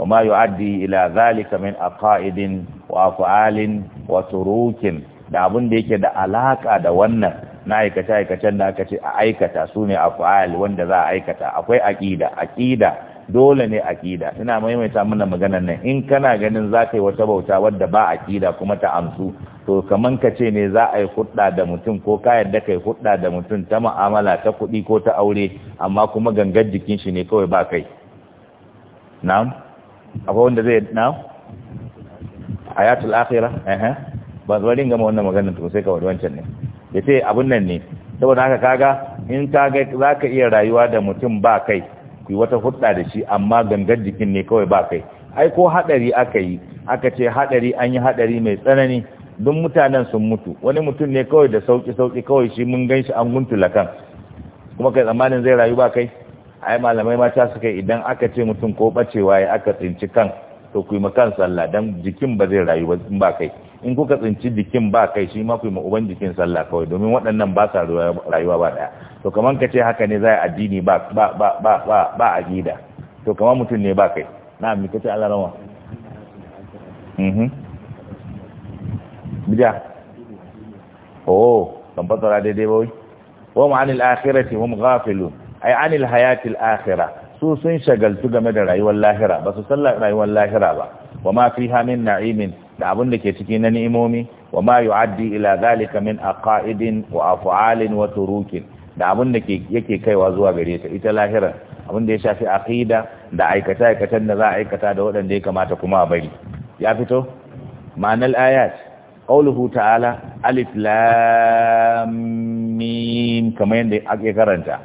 wa ma yu'addi ila zalika min aqaidin wa af'alin wa turukin da abin da yake da alaka da wannan na aikata aikacen da aka ce a aikata su ne af'al wanda za a aikata akwai aqida aqida dole ne aqida ina maimaita mana magana nan in kana ganin za ka yi wata bauta wadda ba aqida kuma ta amsu to kaman ka ce ne za a yi hudda da mutum ko ka yadda kai hudda da mutum ta mu'amala ta kuɗi ko ta aure amma kuma gangar jikin shi ne kawai ba kai na'am akwai wanda zai na a akhira eh ba zuwa ringa ma wannan maganar tuku sai ka wancan ne yace abin nan ne saboda haka kaga in kaga ka iya rayuwa da mutum ba kai ku wata hudda da shi amma gangar jikin ne kawai ba kai ai ko hadari aka yi aka ce hadari an yi hadari mai tsanani duk mutanen sun mutu wani mutum ne kawai da sauki sauki kawai shi mun gan shi an guntula kan kuma kai tsammanin zai rayu ba kai ai malamai mata suka idan aka ce mutum ko bacewa ya aka tsinci kan to ku yi makan sallah dan jikin ba zai rayu ba kai in kuka tsinci jikin ba kai shi ma ku yi uban jikin sallah kawai domin waɗannan ba sa rayuwa ba daya to kaman ka ce haka ne za a addini ba ba ba ba ba ba aqida to kaman mutum ne ba kai na mi kace Allah rawa mhm bija oh kan fasara daidai ba wai wa ma'anil akhirati hum ghafilun ai anil hayatil akhirah su sun shagaltu game da rayuwar lahira ba su sallar rayuwar lahira ba wa ma fiha min na'imin da abun da ke ciki na ni'imomi wa ma yu'addi ila zalika min aqaidin wa af'alin wa turukin da abun da yake kaiwa zuwa gare ta ita lahira abun da ya shafi aqida da aikata aikatan da za a aikata da waɗanda ya kamata kuma a bari ya fito ma'anar ayat qauluhu ta'ala alif lam mim kamar yadda ake karanta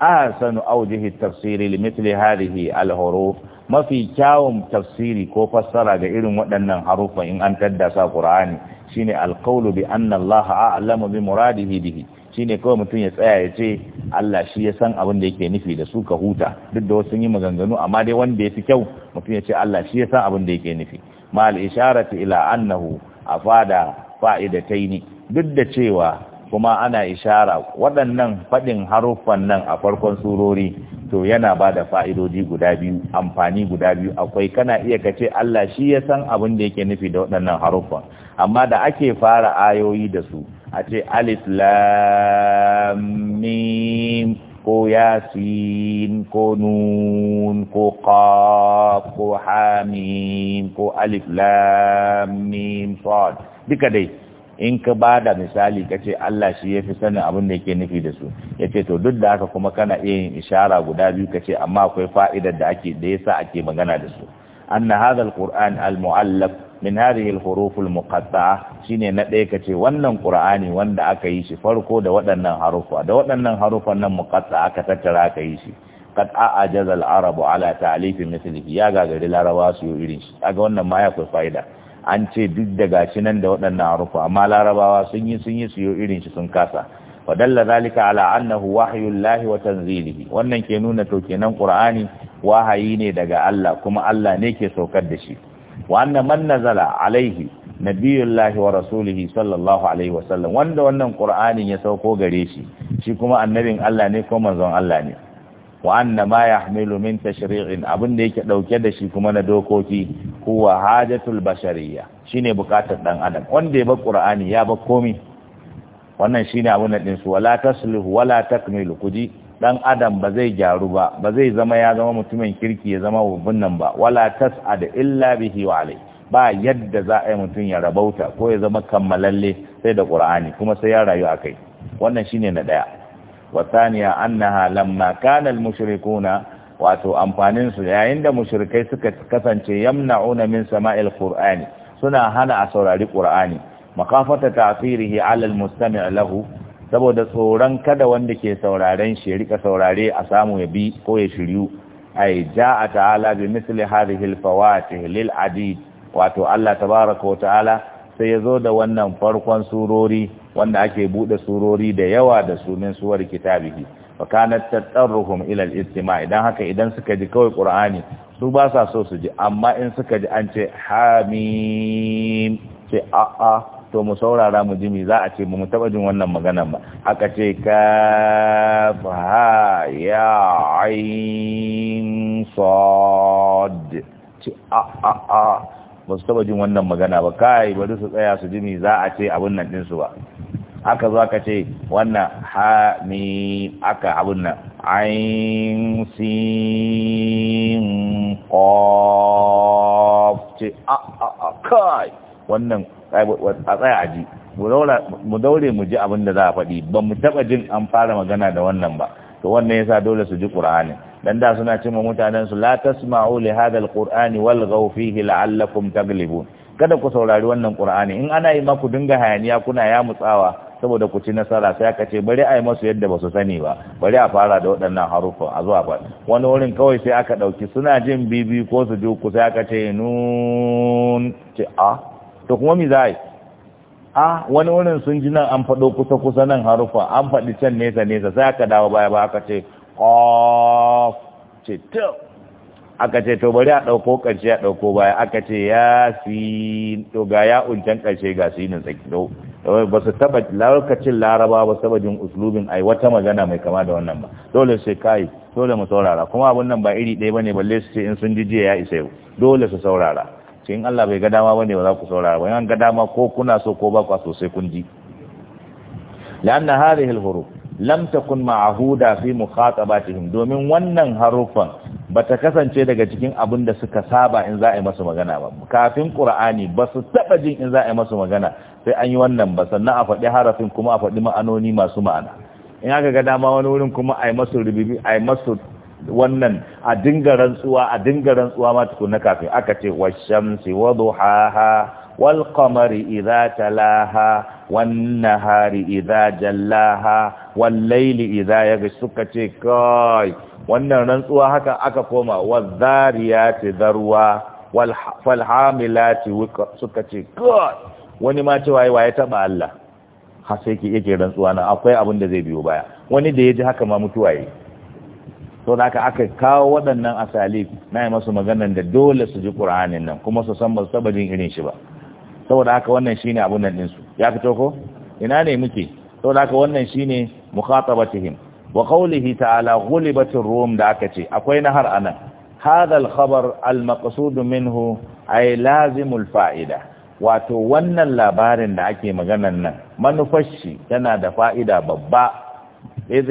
ahsanu awjihi tafsiri li mithli hadhihi al-huruf mafi kyawun tafsiri ko fassara ga irin waɗannan harufa in an taddasa qur'ani shine al-qawlu bi anna allaha a'lamu bi muradihi bihi shine kawai mutum ya tsaya ya ce Allah shi ya san abin da yake nufi da su ka huta duk da wasu yi maganganu amma dai wanda ya fi kyau mutum ya ce Allah shi ya san abin da yake nufi ma al ila annahu afada fa'idataini duk da cewa kuma ana ishara waɗannan faɗin haruffan nan a farkon surori to yana ba da fa'idodi guda biyu amfani guda biyu akwai kana iya kace Allah shi ya san abin da yake nufi da waɗannan haruffan amma da ake fara ayoyi da su a ce alif lamim ko yasin ko nun ko qaf ko hamim ko alif lamim sad duka dai in ka ba da misali ka ce Allah shi ya fi sanin abin da yake nufi da su ya ce to duk da haka kuma kana iya yin ishara guda biyu ka ce amma akwai fa'idar da ake da yasa ake magana da su anna hadha alquran almuallaf min hadhihi alhuruf almuqatta'a shine na ɗaya ka ce wannan qur'ani wanda aka yi shi farko da waɗannan harufa da waɗannan harufan nan muqatta'a aka tattara aka yi shi kad a'ajaza al-arabu ala ta'alifi mithlihi ya gagari larabawa su yi irin shi kaga wannan ma ya kai fa'ida an ce duk da gashi nan da waɗannan harufa amma larabawa sun yi sun yi siyo irin shi sun kasa wadalla zalika ala annahu wahyul lahi wa tanzilihi wannan ke nuna to kenan qur'ani wahayi ne daga Allah kuma Allah ne ke saukar da shi wa anna man nazala alaihi nabiyullahi wa rasulihi sallallahu alaihi wa sallam wanda wannan qur'anin ya sauko gare shi shi kuma annabin Allah ne ko manzon Allah ne wa anna ma yahmilu min tashri'in abin da yake dauke da shi kuma na dokoki ko hajatul bashariya shine bukatar dan adam wanda ya ba qur'ani ya ba komi wannan shine abun da din su wala taslihu wala takmilu kuji dan adam ba zai gyaru ba ba zai zama ya zama mutumin kirki ya zama wubin nan ba wala tas'ad illa bihi wa ba yadda za a yi mutum ya rabauta ko ya zama kammalalle sai da qur'ani kuma sai ya rayu akai wannan shine na daya Wasaniya thaniya annaha lamma kana al-mushrikuna wato amfanin su yayin da mushrikai suka kasance yamna'una min sama'il qur'ani suna hana a saurari qur'ani makafata ta'thirihi 'ala al-mustami' lahu saboda tsoron kada wanda ke sauraren shi rika saurare a samu ya bi ko ya shiryu ai ja'a ta'ala bi misli hadhihi al-fawatih lil adid wato Allah tabaaraka wa ta'ala sai yazo da wannan farkon surori wanda ake bude surori da yawa da sunan suwar kitabihi wa kanat tatarruhum ila al-istima' idan haka idan suka ji kawai qur'ani su ba sa so su ji amma in suka ji an ce hamim ce a a to mu saurara mu ji za a ce mu taba jin wannan magana ba aka ce ka fa ya ain sad ce a a a ba su taba jin wannan magana ba kai bari su tsaya su jimi za a ce abun nan din su ba aka zo aka ce wannan ha aka abun nan ain sin o ce a a a kai wannan a tsaya aji mu daure mu ji abin da za a faɗi ba mu taɓa jin an fara magana da wannan ba to wannan yasa dole su ji ƙur'ani. dan da suna cewa mutanen su la tasma'u li hadha alqur'ani wal fihi la'allakum taglibun kada ku saurari wannan qur'ani in ana yi maku dinga hayaniya kuna ya mutsawa saboda ku ci nasara sai aka ce bari a yi masu yadda ba su sani ba bari a fara da waɗannan haruffa, a zuwa ba wani wurin kawai sai aka ɗauki suna jin bibi ko su ji ku sai aka ce nun ce a to kuma mi za a yi a wani wurin sun ji nan an faɗo kusa kusa nan haruffa an faɗi can nesa nesa sai aka dawo baya ba aka ce ƙof ce aka ce to bari a ɗauko ƙarshe a ɗauko baya aka ce ya si to ga ya uncan ƙarshe ga sinin tsakiyar ba su taba lokacin laraba ba sabajin jin uslubin ai wata magana mai kama da wannan ba dole sai kai dole mu saurara kuma abun nan ba iri ɗaya bane balle su ce in sun jijiya ya isa yau dole su saurara ce in Allah bai ga dama bane ba za ku saurara ba in ga dama ko kuna so ko ba ku so sai kun ji lanna hadhihi al lam takun ma'huda fi mukhatabatihim domin wannan harufan bata kasance daga cikin abin da suka saba in za a yi masa magana ba kafin qur'ani ba su taba jin in za a yi masu magana sai an yi wannan ba sannan a faɗi harafin kuma a faɗi ma'anoni masu ma'ana in aka ga dama wani wurin kuma a yi masu rubibi a yi masu wannan a dinga rantsuwa a dinga rantsuwa ma na kafin aka ce washamsi wa duhaha wal qamari idza talaha wan nahari idza jallaha wal layli idza suka ce kai wannan rantsuwa haka aka koma wadh dhariyati darwa wal hamilati suka ce kai wani ma cewa yawa ya taba Allah har sai yake rantsuwa na akwai abin da zai biyo baya wani da ya ji haka ma mutuwa yi to da aka aka kawo waɗannan asali na yi masu maganan da dole su ji ƙura'anin nan kuma su san ba su jin irin shi ba saboda haka wannan shine abun nan ɗinsu ya fito ko ina ne muke saboda haka wannan shine mukhatabatihim wa qawlihi ta'ala ghulibatir rum da aka ce akwai nahar anan hadha al-khabar al-maqsud minhu ay lazimul fa'ida wato wannan labarin da ake maganan nan manufar shi yana da fa'ida babba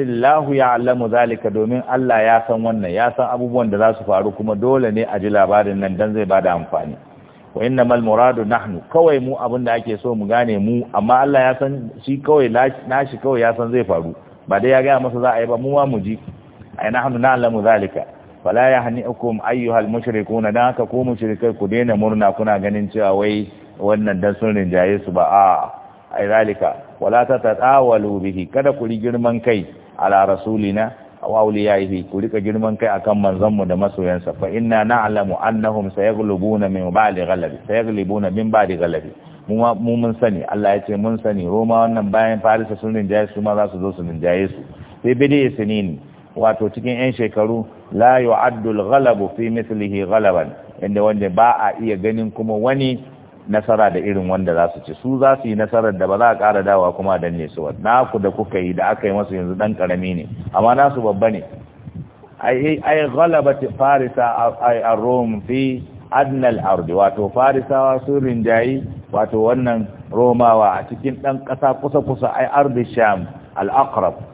lahu ya alamu zalika domin Allah ya san wannan ya san abubuwan da za su faru kuma dole ne a ji labarin nan don zai ba da amfani wa inna mal muradu nahnu kawai mu abin da ake so mu gane mu amma Allah ya san shi kawai nashi kawai ya san zai faru ba dai ya gaya masa za a yi ba mu ma mu ji ai nahnu na'lamu zalika fala yahni'ukum ayyuhal mushrikuna dan haka ku mushrikai ku daina murna kuna ganin cewa wai wannan dan sun rinjaye su ba a ai zalika wala tatatawalu bihi kada ku ri girman kai ala rasulina wa awliyaihi ku rika girman kai akan manzanmu mu da masoyansa fa inna na'lamu annahum sayaghlibuna min ba'di ghalabi sayaghlibuna min ba'di ghalabi mu mun sani Allah ya ce mun sani Roma wannan bayan Farisa sun rinjaye su ma za su zo su rinjaye su sai bidi isnin wato cikin yan shekaru la yu'addu al-ghalabu fi mithlihi ghalaban inda wanda ba a iya ganin kuma wani nasara da irin wanda za su ci su za su yi nasarar da ba za a ƙara dawa kuma ne su ba naku da kuka yi da aka yi masu yanzu dan karami ne amma nasu babba ne ai ghalabati farisa ai ar fi adna ardi wato farisawa sun rinjayi wato wannan romawa a cikin dan ƙasa kusa kusa ai ardi sham al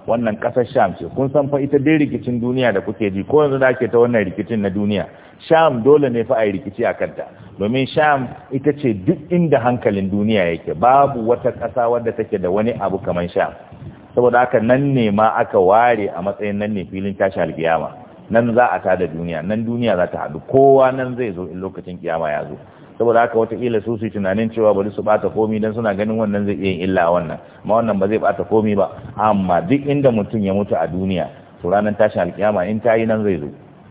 wannan kasar sham ce kun san fa ita dai rikicin duniya da kuke ji ko yanzu da ta wannan rikicin na duniya sham dole ne fa a yi rikici a kanta domin sham ita ce duk inda hankalin duniya yake babu wata ƙasa wadda take da wani abu kamar sham saboda haka nan ne ma aka ware a matsayin nan ne filin tashi alkiyama nan za a tada duniya nan duniya za ta haɗu kowa nan zai zo in lokacin kiyama ya zo saboda haka watakila su su tunanin cewa bari su bata komi don suna ganin wannan zai iya yin illa wannan amma wannan ba zai bata komi ba amma duk inda mutum ya mutu a duniya to ranar tashin alkiyama in ta yi nan zai zo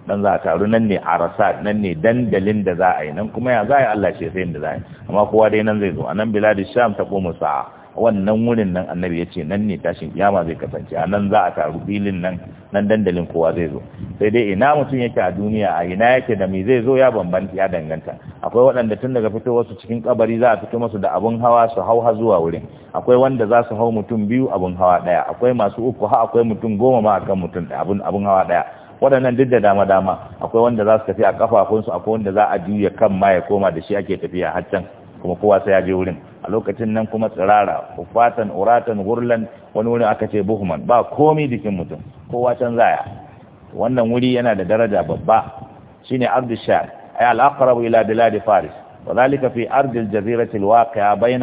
dan za a taru nan ne a nan ne dandalin da za a yi nan kuma ya za a yi Allah shi sai da za a yi amma kowa dai nan zai zo a nan biladu sham ta komo sa'a wannan wurin nan annabi ya ce nan ne tashin kiyama zai kasance a nan za a taru filin nan nan dandalin kowa zai zo sai dai ina mutum yake a duniya a ina yake da me zai zo ya bambanta ya danganta akwai waɗanda tun daga fito wasu cikin kabari za a fito masu da abun hawa su hau har zuwa wurin akwai wanda za su hau mutum biyu abun hawa daya. akwai masu uku ha akwai mutum goma ma akan mutum abun abun hawa daya. waɗannan duk da dama dama akwai wanda za su tafi a kafafunsu akwai wanda za a juya kan ma ya koma da shi ake tafiya har can kuma kowa sai ya je wurin a lokacin nan kuma tsirara ufatan uratan gurlan wani wurin aka ce buhman ba komi jikin mutum kowa can zaya wannan wuri yana da daraja babba shine ardi sham ay al aqrab ila bilad faris al في al-waqi'a الواقعة بين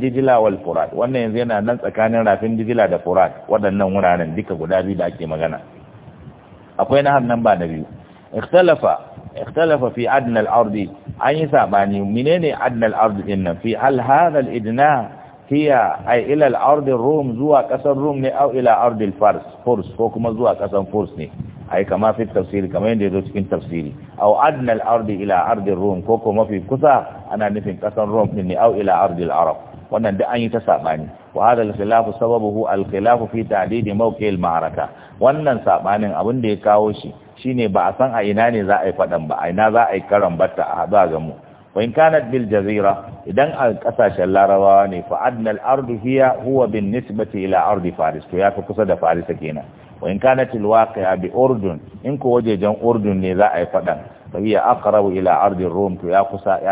dijla wal furat wannan yanzu yana nan tsakanin rafin Dijila da Furat waɗannan wuraren duka guda biyu da ake magana akwai nahar nan ba da biyu ikhtalafa ikhtalafa fi adna al-ardi an yi sabani menene adna al-ardi din nan fi hal hadha al-idna hiya ay ila al-ardi rum zuwa kasar rum ne au ila ardi al-fars ko kuma zuwa kasar furs ne ai kama fi tafsiri kamar yadda yazo cikin tafsiri au adna al-ardi ila ardi rum ko kuma fi kusa ana nufin kasar rum din ne au ila ardi al-arab wannan duk an yi ta sabani wa hada al-khilafu sababuhu al-khilafu fi ta'did mawqi al-ma'araka wannan sabanin abin da ya kawo shi shi ne ba a san a ina ne za a yi faɗan ba a ina za a yi karan batta a haɗu a gamu wani kanad bil jazira idan a ƙasashen larabawa ne fa adnal ardu hiya huwa bin nisbati ila ardi faris to ya fi kusa da faris kenan wani na til waqi'a bi urdun in ko wajejen urdun ne za a yi faɗan fa hiya aqrabu ila ardi rum to ya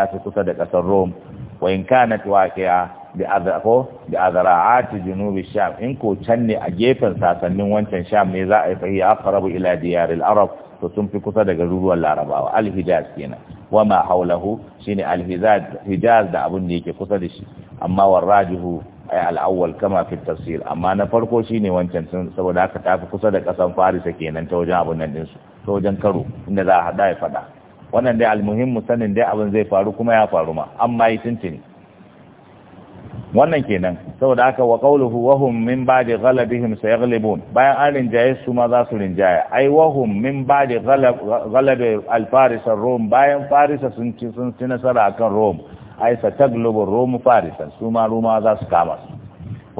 fi kusa da ƙasar rum wani kanad waqi'a bi adrako bi adra'ati junubi sham in ko can ne a gefen sasannin wancan sham ne za a yi fa hiya aqrabu ila diyar al arab to sun fi kusa da garuruwan larabawa al kenan wa ma haulahu shine al-hijaz da abun da yake kusa da shi amma warajihu ay al-awwal kama fi tafsir amma na farko shine wancan sun saboda haka tafi kusa da kasan farisa kenan ta wajen abun nan din su ta wajen karo inda za a hada ya fada wannan dai al sanin dai abun zai faru kuma ya faru ma amma yi tuntuni wannan kenan saboda aka wa qawluhu wa hum min ba'di ghalabihim sayaghlibun bayan an rinjaye su ma za su rinjaya ai wa hum min ba'di ghalab al-faris ar-rum bayan farisa sun ci sun ci nasara akan rom ai sataglubu rom farisan su ma roma za su kama su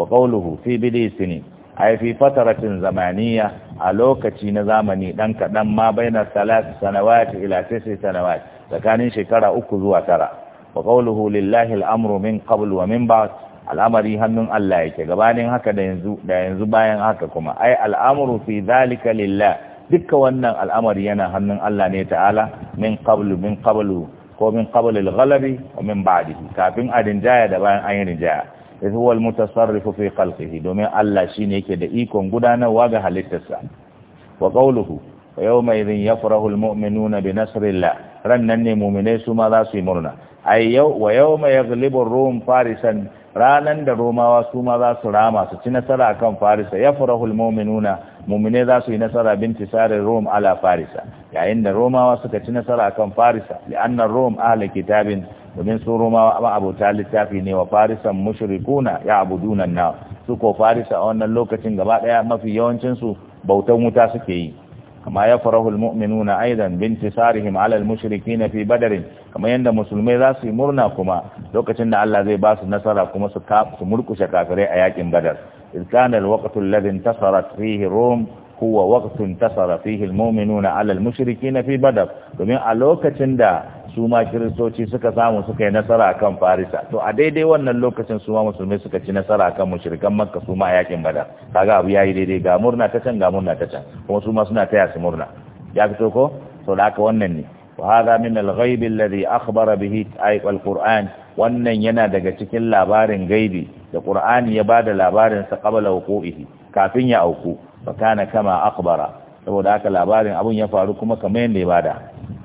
wa qawluhu fi bidi sini fi fataratin zamaniya a lokaci na zamani dan kadan ma baina salat sanawati ila tisi sanawati tsakanin shekara uku zuwa tara wa qawluhu lillahi al-amru min qabl wa min ba'd al'amari hannun Allah yake gabanin haka da yanzu da yanzu bayan haka kuma ai al'amru fi dhalika lillah dukkan wannan al'amari yana hannun Allah ne ta'ala min qablu min qablu ko min qablu al-ghalabi wa min ba'dihi kafin a rinjaya da bayan an yi rinjaya idh huwa al-mutasarrifu fi khalqihi domin Allah shine yake da ikon gudanarwa ga halittarsa wa qawluhu yawma idhin yafrahu al-mu'minuna bi nasrillah rannan ne mu'minai su ma za su yi murna A yau wa yawma yaghlibu farisan ranan da romawa su ma za su rama su ci nasara kan farisa ya farahul mu'minuna mu'mine za su yi nasara bin sarin rom ala farisa yayin da romawa suka ci nasara kan farisa li'annar rom ahli kitabin domin su romawa ba abota littafi ne wa farisan mushrikuna ya dunan na su ko farisa a wannan lokacin gaba daya mafi yawancin su bautan wuta suke yi kama ya farahul mu'minuna aidan bintisarihim ala alal mushiriki fi badr kama yanda musulmai za su yi murna kuma lokacin da Allah zai ba su nasara kuma su su murkushe kafirai a yakin badar iz kana ladin waqtu alladhi intasarat fihi rum huwa waqtun tasara fihi al ala al fi badr domin a lokacin da su ma kiristoci suka samu suka yi nasara akan farisa to a daidai wannan lokacin su ma musulmai suka ci nasara akan mushrikan makka su ma yakin badar kaga abu yayi daidai ga murna ta can ga murna ta can kuma su ma suna taya su murna ya fito ko to da haka wannan ne wa hadha min al-ghaib alladhi akhbara bihi al-Qur'an wannan yana daga cikin labarin gaibi da ƙur'ani ya bada labarin sa qabla wuqu'ihi kafin ya auku fa kana kama saboda haka labarin abun ya faru kuma kamar yadda ya bada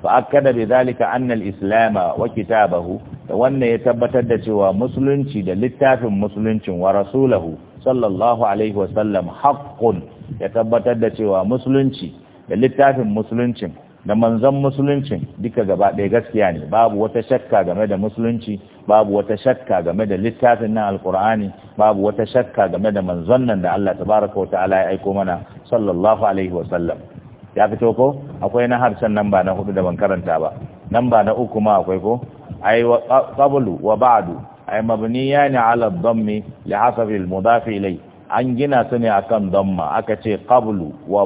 fa akkada bi zalika anna al-islam wa kitabahu da wannan ya tabbatar da cewa musulunci da littafin musuluncin wa rasulahu sallallahu alaihi wa sallam haqqun ya tabbatar da cewa musulunci da littafin musuluncin da manzon musuluncin duka gaba ɗaya gaskiya ne babu wata shakka game da musulunci babu wata shakka game da littafin nan alkur'ani babu wata shakka game da manzon nan da Allah tabaraka wataala ya aiko mana sallallahu alaihi wa sallam ya fito ko akwai na harshen nan ba na hudu da ban karanta ba nan ba na uku ma akwai ko ai qablu wa ba'du ai mabniyan ala dhammi li hasabi al mudaf ilayhi an gina su ne akan damma aka ce qablu wa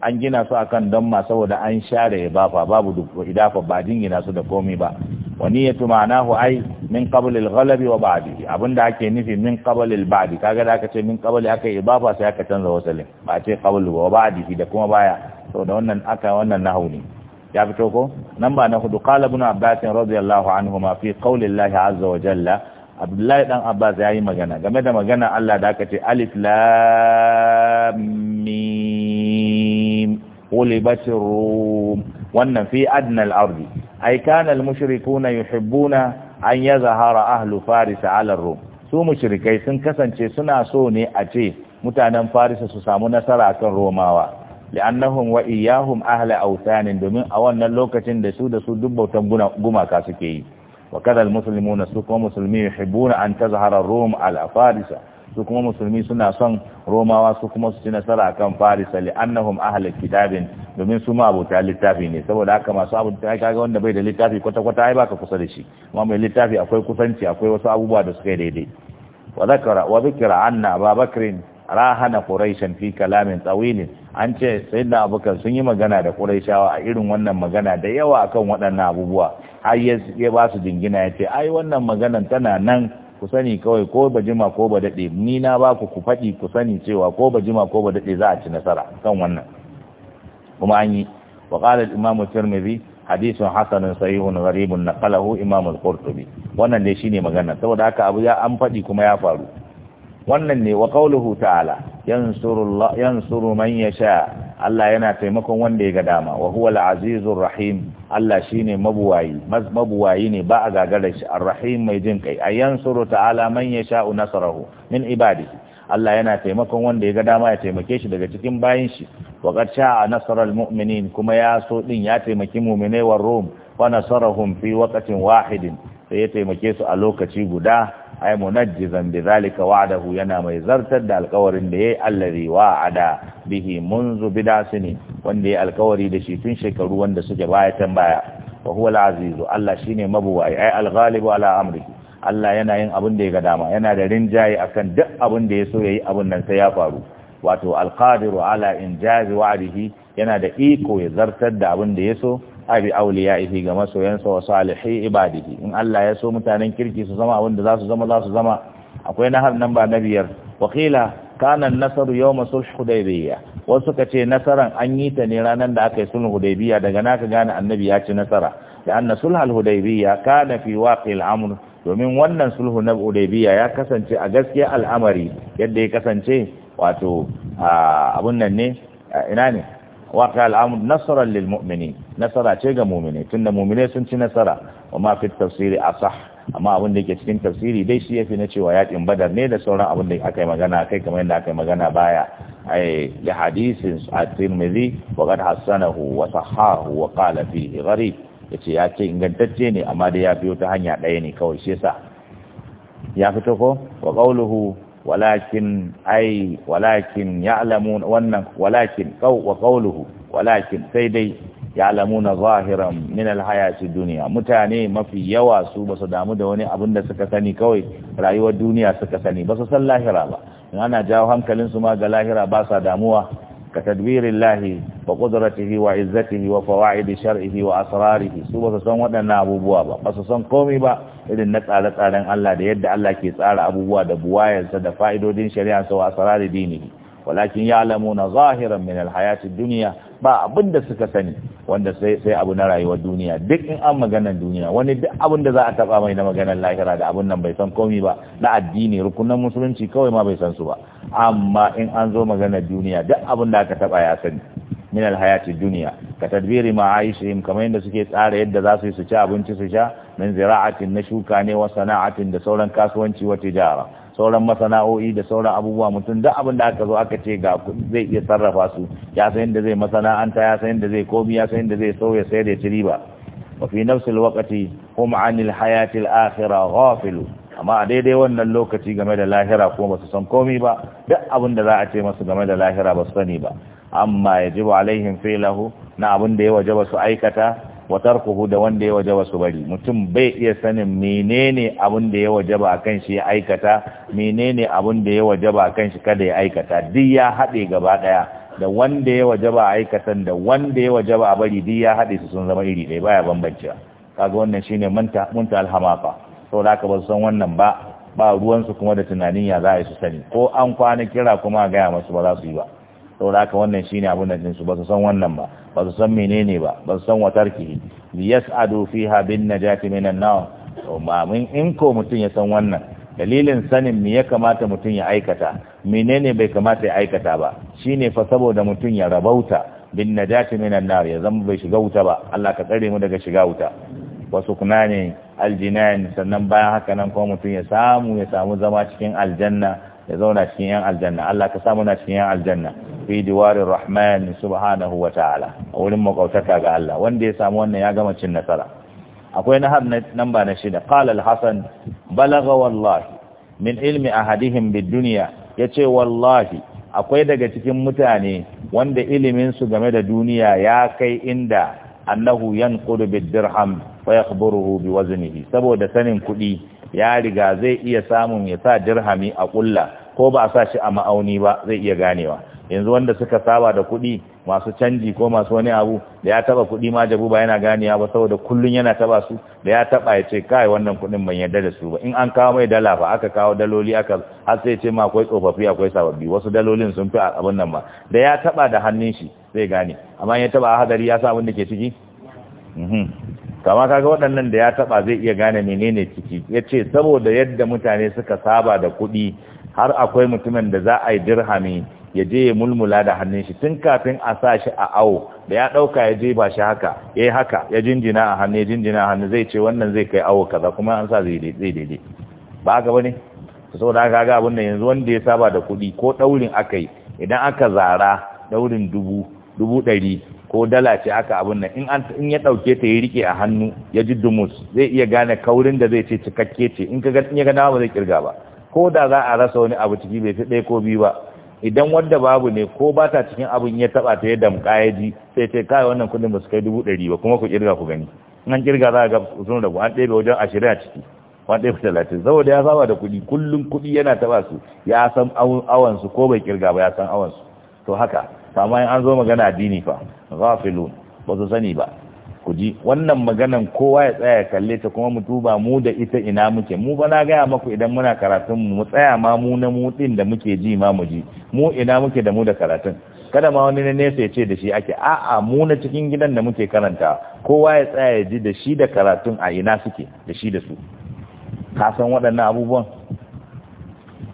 an gina su akan damma saboda an share ibafa babu idafa ba jingina su da komai ba wa niyyatu ma'anahu ai min qabli galabi wa ba'dihi abinda ake nufi min qabli al kaga da aka ce min qabli aka ibafa sai aka canza wasalin ba ce qablu wa ba'dihi da kuma baya saboda wannan aka wannan nahwu ne ya fito ko nan ba na hudu qala ibn abbas radiyallahu anhu ma fi qawli allah azza wa jalla abdullahi dan abbas ya yi magana game da magana allah da aka ce alif lamim ulibatin rum wannan fi adnal ardi ay kana yuhibbuna an yazhara ahlu farisa ala rum su mushrikai sun kasance suna so ne a ce mutanen farisa su samu nasara kan romawa li'annahum wa iyyahum ahla awthanin domin a wannan lokacin da su da su dubbautan gumaka suke yi وكذا المسلمون سوكم مسلمي يحبون أن تظهر الروم على فارس سوكم مسلمي سنة صن روما وسوكم سنة سرع كم فارس لأنهم أهل كتاب domin su ma abota littafi ne saboda haka masu abota kaga wanda bai da littafi kwata-kwata ai baka kusa da shi kuma mai littafi akwai kusanci akwai wasu abubuwa da suka yi daidai wa zakara wa zikra anna babakrin rahana quraishan fi kalamin tsawilin an ce sayyidina abubakar sun yi magana da quraishawa a irin wannan magana da yawa akan waɗannan abubuwa har ya ba su jingina ya ce ai wannan maganan tana nan ku sani kawai ko ba jima ko ba daɗe ni na ba ku faɗi ku sani cewa ko ba jima ko ba daɗe za a ci nasara kan wannan kuma an yi wa qala al-imam tirmidhi hadithun hasanun sahihun gharibun naqalahu imam al-qurtubi wannan dai shine magana saboda haka abu ya an faɗi kuma ya faru wannan ne wa qauluhu ta'ala yansurullah yansuru man yasha Allah yana taimakon wanda ya ga dama wa huwal azizur rahim Allah shine mabuwayi mabuwayi ne ba a gagarar shi rahim mai jin kai yansuru ta'ala man yasha nasrahu min ibadihi Allah yana taimakon wanda ya ga dama ya taimake shi daga cikin bayin shi wa qad sha'a nasaral mu'minin kuma ya so din ya taimaki mu'minai war rum wa nasarahum fi waqtin wahidin sai ya taimake su a lokaci guda ay munajjizan zalika wa'dahu yana mai zartar da alƙawarin da yayi allazi wa'ada bihi munzu bidasini wanda yayi alƙawari da shi tun shekaru wanda suke baya tambaya wa huwa al-aziz Allah shine mabuwai ay al-ghalibu ala amrihi Allah yana yin abin da ya ga dama yana da rinjaye akan duk abin da ya so yayi abin nan sai ya faru wato al-qadiru ala injazi wa'adihi yana da iko ya zartar da abin da ya so abi auliya'ihi ga masoyansa wa salihi ibadihi in Allah ya so mutanen kirki su zama abin da za su zama za su zama akwai nahar nan ba na biyar wakila kana nasaru yawma sulh hudaybiyya wasu kace nasaran an yi ta ne ranar da aka yi sulh hudaybiyya daga naka gane annabi ya ci nasara da anna sulh hudaybiyya kana fi waqil amr domin wannan sulhu na hudaybiyya ya kasance a gaskiya al'amari yadda ya kasance wato abun nan ne ina ne Wata al'amur nasarar lilmu'mini nasara ce ga Tun da mumini sun ci nasara wa ma fi tafsiri asah amma abin da yake cikin tafsiri dai shi yafi na cewa yakin badar ne da sauran abin da aka yi magana kai kamar yadda aka yi magana baya ai da hadisin at-tirmidhi wa qad hasanahu wa sahahu wa qala fihi gharib yace ya ce ingantacce ne amma dai ya biyo ta hanya ɗaya ne kawai shi yasa ya fito ko wa qawluhu walakin ai walakin ya'lamun wannan walakin qaw wa qawluhu walakin sai dai ya'lamuna zahiran min alhayati dunya mutane mafi yawa su basu damu da wani abin da suka sani kawai rayuwar duniya suka sani basu san lahira ba in ana jawo hankalin su ma ga lahira ba sa damuwa كتدبير الله وقدرته وعزته وفواعد شرعه وأسراره سوى سسان ودنا أبو بوابا فسسان قومي با إذن نسأل سأل الله دي يد الله كي سأل أبو بوابا بوايا سدى فائد دين شريعا سوى أسرار دينه ولكن يعلمون ظاهرا من الحياة الدنيا ba abin da suka sani wanda sai abu na rayuwar duniya duk in an maganar duniya wani duk abin da za a taba mai na maganar lahira da abin nan bai san komi ba na addini rukunan musulunci kawai ma bai san su ba amma in an zo maganar duniya duk abin da aka taba ya sani min alhayati duniya ka tadbiri ma'aishihim kamar yadda suke tsara yadda za su yi su ci abinci su sha min zira'atin na shuka ne wa sana'atin da sauran kasuwanci wa tijara sauran masana'o'i da sauran abubuwa mutum duk abin da aka zo aka ce ga zai iya sarrafa su ya san yadda zai masana'anta ya san yadda zai komi ya san yadda zai sauya sayar da ci ba wa fi nafsil waqti hum anil hayatil akhirah ghafilu amma a daidai wannan lokaci game da lahira kuma ba su san komi ba duk abin da za a ce masu game da lahira ba su sani ba amma yajibu alaihim fi'lahu na abin da ya wajaba su aikata wa tarkuhu da wanda ya wajaba su bari mutum bai iya sanin menene abin da ya wajaba kan shi ya aikata menene abin da ya wajaba kan shi kada ya aikata duk ya haɗe gaba ɗaya da wanda ya wajaba aikatan da wanda ya wajaba a bari duk ya haɗe su sun zama iri ɗaya baya bambanci kaga wannan shine manta munta alhamafa da haka ba san wannan ba ba ruwansu kuma da tunanin ya za a yi su sani ko an kwana kira kuma a gaya masu ba za su yi ba da ka wannan shine abin da su ba su san wannan ba ba su san menene ba ba su san ki li yas'adu fiha bin najati minan nar to ma in ko mutun ya san wannan dalilin sanin me ya kamata mutun ya aikata menene bai kamata ya aikata ba shine fa saboda mutun ya rabauta bin najati minan nar ya zama bai shiga wuta ba Allah ka tsare mu daga shiga wuta wasu kuna ne aljinan sannan bayan haka nan kuma mutum ya samu ya samu zama cikin aljanna ya zauna cikin yan aljanna Allah ka samu na cikin yan aljanna fi diwarin rahman subhanahu wa ta'ala a wurin makautaka ga Allah wanda ya samu wannan ya gama cin nasara akwai nan ba na shida qala al-hasan balagha wallahi min ilmi ahadihim bid-dunya yace wallahi akwai daga cikin mutane wanda ilimin su game da duniya ya kai inda annahu yanqudu bid-dirham fa yakhburuhu biwaznihi saboda sanin kudi ya riga zai iya samun ya sa dirhami a kulla ko ba a sa shi a ma'auni ba zai iya ganewa yanzu wanda suka saba da kuɗi masu canji ko masu wani abu da ya taba kuɗi ma jabu ba yana ganiya ba saboda kullun yana taba su da ya taba ya ce kai wannan kuɗin ban yarda da su ba in an kawo mai dala ba aka kawo daloli aka har sai ce ma akwai tsofaffi akwai sababbi wasu dalolin sun fi abin nan ba da ya taba da hannun shi zai gane amma ya taba hadari ya sa abin da ke ciki kama mhm. kaga waɗannan da ya taba zai iya gane menene ciki ya ce saboda yadda mutane suka saba da kuɗi har akwai mutumin da za a yi dirhami ya je ya mulmula da hannun shi tun kafin a sa shi a awo da ya ɗauka ya je ba shi haka ya haka ya jinjina a hannu jinjina a hannu zai ce wannan zai kai awo kaza kuma an sa zai daidai ba haka bane sau da ga abin da yanzu wanda ya saba da kuɗi ko ɗaurin aka yi idan aka zara ɗaurin dubu dubu ɗari ko dala ce aka abin nan in ya ɗauke ta ya rike a hannu ya ji dumus zai iya gane kaurin da zai ce cikakke ce in ka ga in ya ga dama ba zai kirga ba ko da za a rasa wani abu ciki bai fi ɗaya ko biyu ba idan wadda babu ne ko ba ta cikin abin ya taba ta yadda damka ya ji sai ce kai wannan kudin ba su kai dubu ɗari ba kuma ku kirga ku gani nan kirga za ga sun rabu an ɗebe wajen ashirin a ciki an ɗebe talatin saboda ya saba da kuɗi kullum kuɗi yana taba su ya san awan su ko bai kirga ba ya san awan su to haka amma in an zo magana addini fa ghafilun ba su sani ba ku ji wannan maganan kowa ya tsaya ya kalle ta kuma mu duba mu da ita ina muke mu ba na gaya maku idan muna karatun mu tsaya ma mu na mu din da muke ji ma mu ji mu ina muke da mu da karatun kada ma wani na nesa ya ce da shi ake a'a mu na cikin gidan da muke karanta kowa ya tsaya ya ji da shi da karatun a ina suke da shi da su ka san waɗannan abubuwan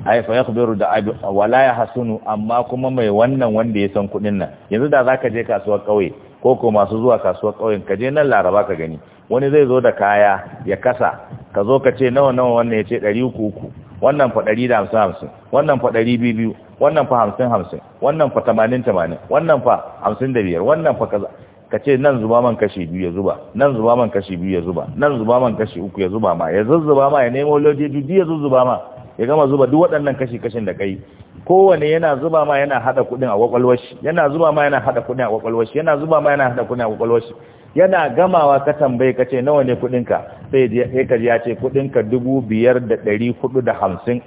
ai fa yakhbiru da wala ya hasunu amma kuma mai wannan wanda ya san kuɗin nan yanzu da zaka je kasuwar ƙauye ko ko masu zuwa kasuwar ƙauyen ka je nan laraba ka gani wani zai zo da kaya ya kasa ka zo ka ce nawa nawa wannan ya ce ɗari uku uku wannan fa ɗari da hamsin hamsin wannan fa ɗari biyu biyu wannan fa hamsin hamsin wannan fa tamanin tamanin wannan fa hamsin da biyar wannan fa kaza ka ce nan zuba man kashi biyu ya zuba nan zuba man kashi biyu ya zuba nan zuba man kashi uku ya zuba ma ya zuzzuba ma ya nemo lojeji duk ya zuzzuba ma ya gama zuba duk waɗannan kashi kashin da kai kowane yana zuba ma yana hada kudin a kwakwalwashi shi yana zuba ma yana hada kudin a kwakwalwashi shi yana zuba ma yana hada kudin a kwakwalwashi shi yana gamawa ka tambaye ka ce nawa ne ka sai ya ka ya ce kudin dubu biyar da ɗari da hamsin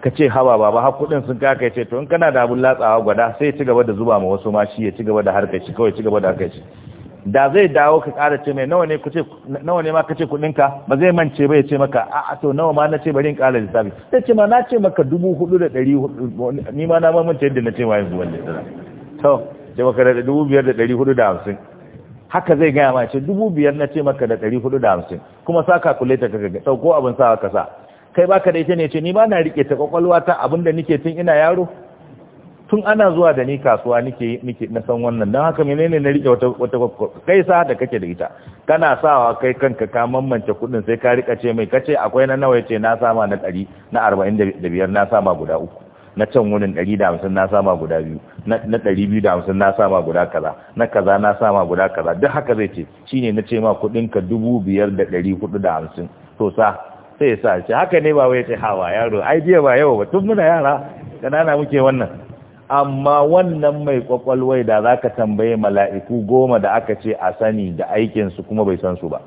ka ce haba baba har kudin sun kaka ce to in kana da abun latsawa gwada sai ya ci gaba da zuba ma wasu ma shi ya ci gaba da harkar shi kawai ci gaba da harkar shi da zai dawo ka kara ce mai nawa ne kuce nawa ne ma kace kudin ka ba zai mance ba ya ce maka a a to nawa ma na ce bari in kara lissafi sai ce ma na ce maka 4400 ni ma na mamance yadda na ce ma yanzu wallahi to ce maka da hamsin haka zai gaya ma ce biyar na ce maka da 450 kuma sa calculator ka ga abin sa ka sa kai baka da ita ne ce ni ba na rike ta kwakwalwa ta abinda nike tun ina yaro tun ana zuwa da ni kasuwa nike nike na san wannan don haka menene na rike wata wata kai sa da kake da ita kana sawa kai kanka ka mamance kudin sai ka rika ce mai kace akwai na nawa yace na sama na 100 na 45 na sama guda uku na can wurin 150 na sama guda biyu na 250 na sama guda kaza na kaza na sama guda kaza duk haka zai ce shine na ce ma kudin ka 5450 to sa sai sa ce haka ne ba wai ce hawa yaro ai jiya ba yau ba tun muna yara kanana muke wannan amma wannan mai kwakwalwai da zaka ka tambaye mala'iku goma da aka ce a sani da aikinsu kuma bai san su ba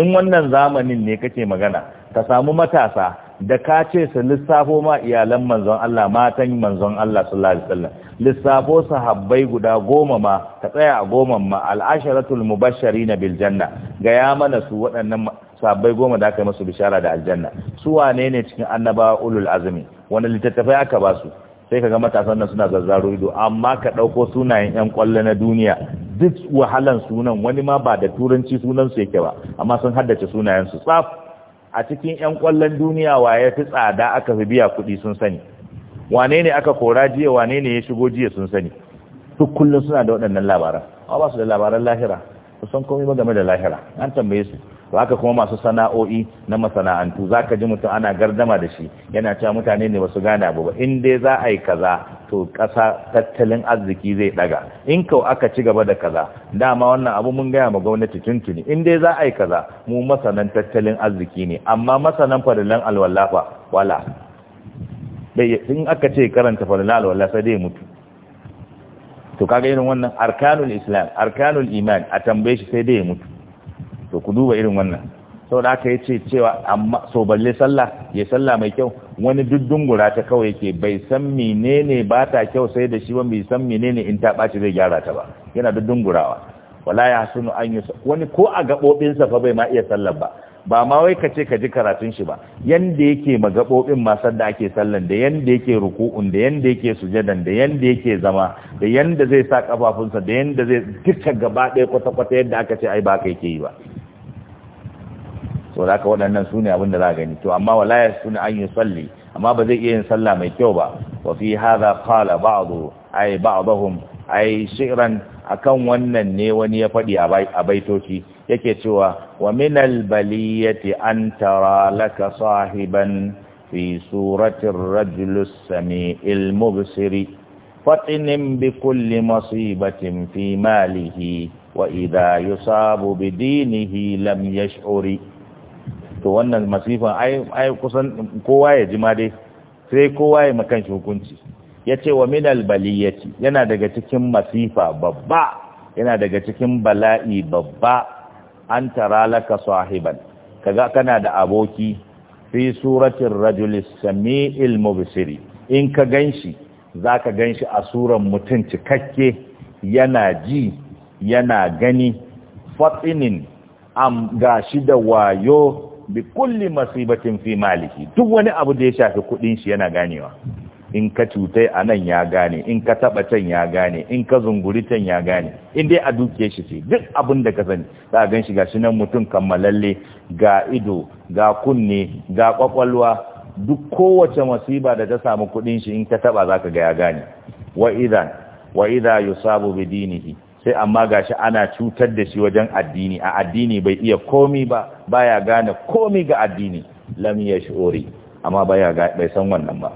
in wannan zamanin ne kake magana ka samu matasa da ka ce su lissafo ma iyalan manzon Allah matan manzon Allah sallallahu alaihi wasallam lissafo sahabbai guda goma ma ka tsaya a goma ma al'asharatul mubashirin bil janna ga ya mana su waɗannan sahabbai goma da aka yi musu bishara da aljanna su wane ne cikin annabawa ulul azumi wani littattafai aka ba su sai kaga matasan nan suna zazzaro ido amma ka ɗauko sunayen 'yan kwallo na duniya duk wahalan sunan wani ma ba da turanci sunansu yake ba amma sun haddace sunayensu tsaf a cikin 'yan kwallon duniya waye fi tsada aka fi biya kuɗi sun sani wane ne aka kora jiya wane ne ya shigo jiya sun sani duk kullum suna da waɗannan labaran ba su da labaran lahira kusan komai ba game da lahira an tambaye su to haka kuma masu sana'o'i na masana'antu za ka ji mutum ana gardama da shi yana cewa mutane ne su gane abu ba in dai za a yi kaza to ƙasa tattalin arziki zai daga in kau aka ci gaba da kaza dama wannan abu mun gaya ma gwamnati tuntuni in dai za a yi kaza mu masanan tattalin arziki ne amma masanan fadilan alwallafa wala in aka ce karanta fadilan alwallafa sai dai mutu to kaga irin wannan arkanul islam arkanul iman a tambaye shi sai dai ya mutu to ku duba irin wannan saboda aka yace cewa amma so balle sallah ya sallah mai kyau wani dudungura gura ta kawai yake bai san menene ba ta kyau sai da shi ba bai san menene in ta ɓaci zai gyara ta ba yana duk wa wala ya sunu an yi wani ko a gaɓoɓinsa fa bai ma iya sallar ba ba ma wai ka ce ka ji karatun shi ba yanda yake magaɓoɓin ma da ake sallan da yanda yake ruku'un da yanda yake sujadan da yanda yake zama da yanda zai sa kafafunsa da yanda zai duka gaba ɗaya kwata-kwata yadda aka ce ai ba ka yake yi ba to zaka wadannan sune abin da za gani to amma wala yasuna an yusalli amma ba zai iya yin sallah mai kyau ba wa fi hadha qala ba'du ay ba'dhum ay shi'ran akan wannan ne wani ya fadi a baitoci yake cewa wa min al baliyati an tara laka sahiban fi surati ar-rajul as-sami' al mubsiri fatinin bi kulli masibatin fi malihi wa idha yusabu bi dinihi lam yash'uri to wannan masifan ai kusan kowa ya ji ma dai sai kowa ya makan shi hukunci ya ce wa minal baliyati yana daga cikin masifa babba yana daga cikin bala'i babba an tara laka sahiban kaga kana da aboki fi suratin rajulis sami'il mubsiri in ka ganshi zaka ganshi a suran mutum cikakke yana ji yana gani fatinin am shi da wayo bi kulli masibatin fi maliki duk wani abu da ya shafi kudin shi yana ganewa in ka cutai a nan ya gane in ka taba can ya gane in ka zunguri can ya gane in dai a duke shi ce duk abin da ka sani za gan shi gashi nan mutum kammalalle ga ido ga kunne ga kwakwalwa duk kowace masiba da ta samu kudin shi in ka taba zaka ga ya gane wa idan wa idan yusabu bi dinihi sai amma gashi ana cutar da shi wajen addini a addini bai iya komi ba baya gane komi ga addini lam yash'uri amma baya ga bai san wannan ba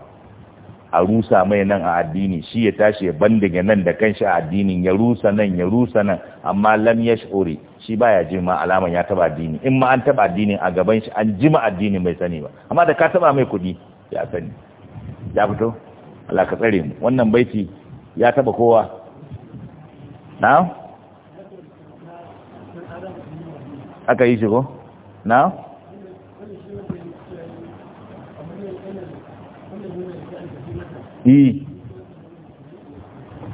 a rusa mai nan a addini shi ya tashi ya bandige nan da kanshi a addinin ya rusa nan ya rusa nan amma lam yash'uri shi baya jin ma alaman ya taba addini in ma an taba addinin a gaban shi an jima addinin bai sani ba amma da ka taba mai kudi ya sani ya fito Allah ka tsare mu wannan baiti ya taba kowa na aka yi shigo na yi e.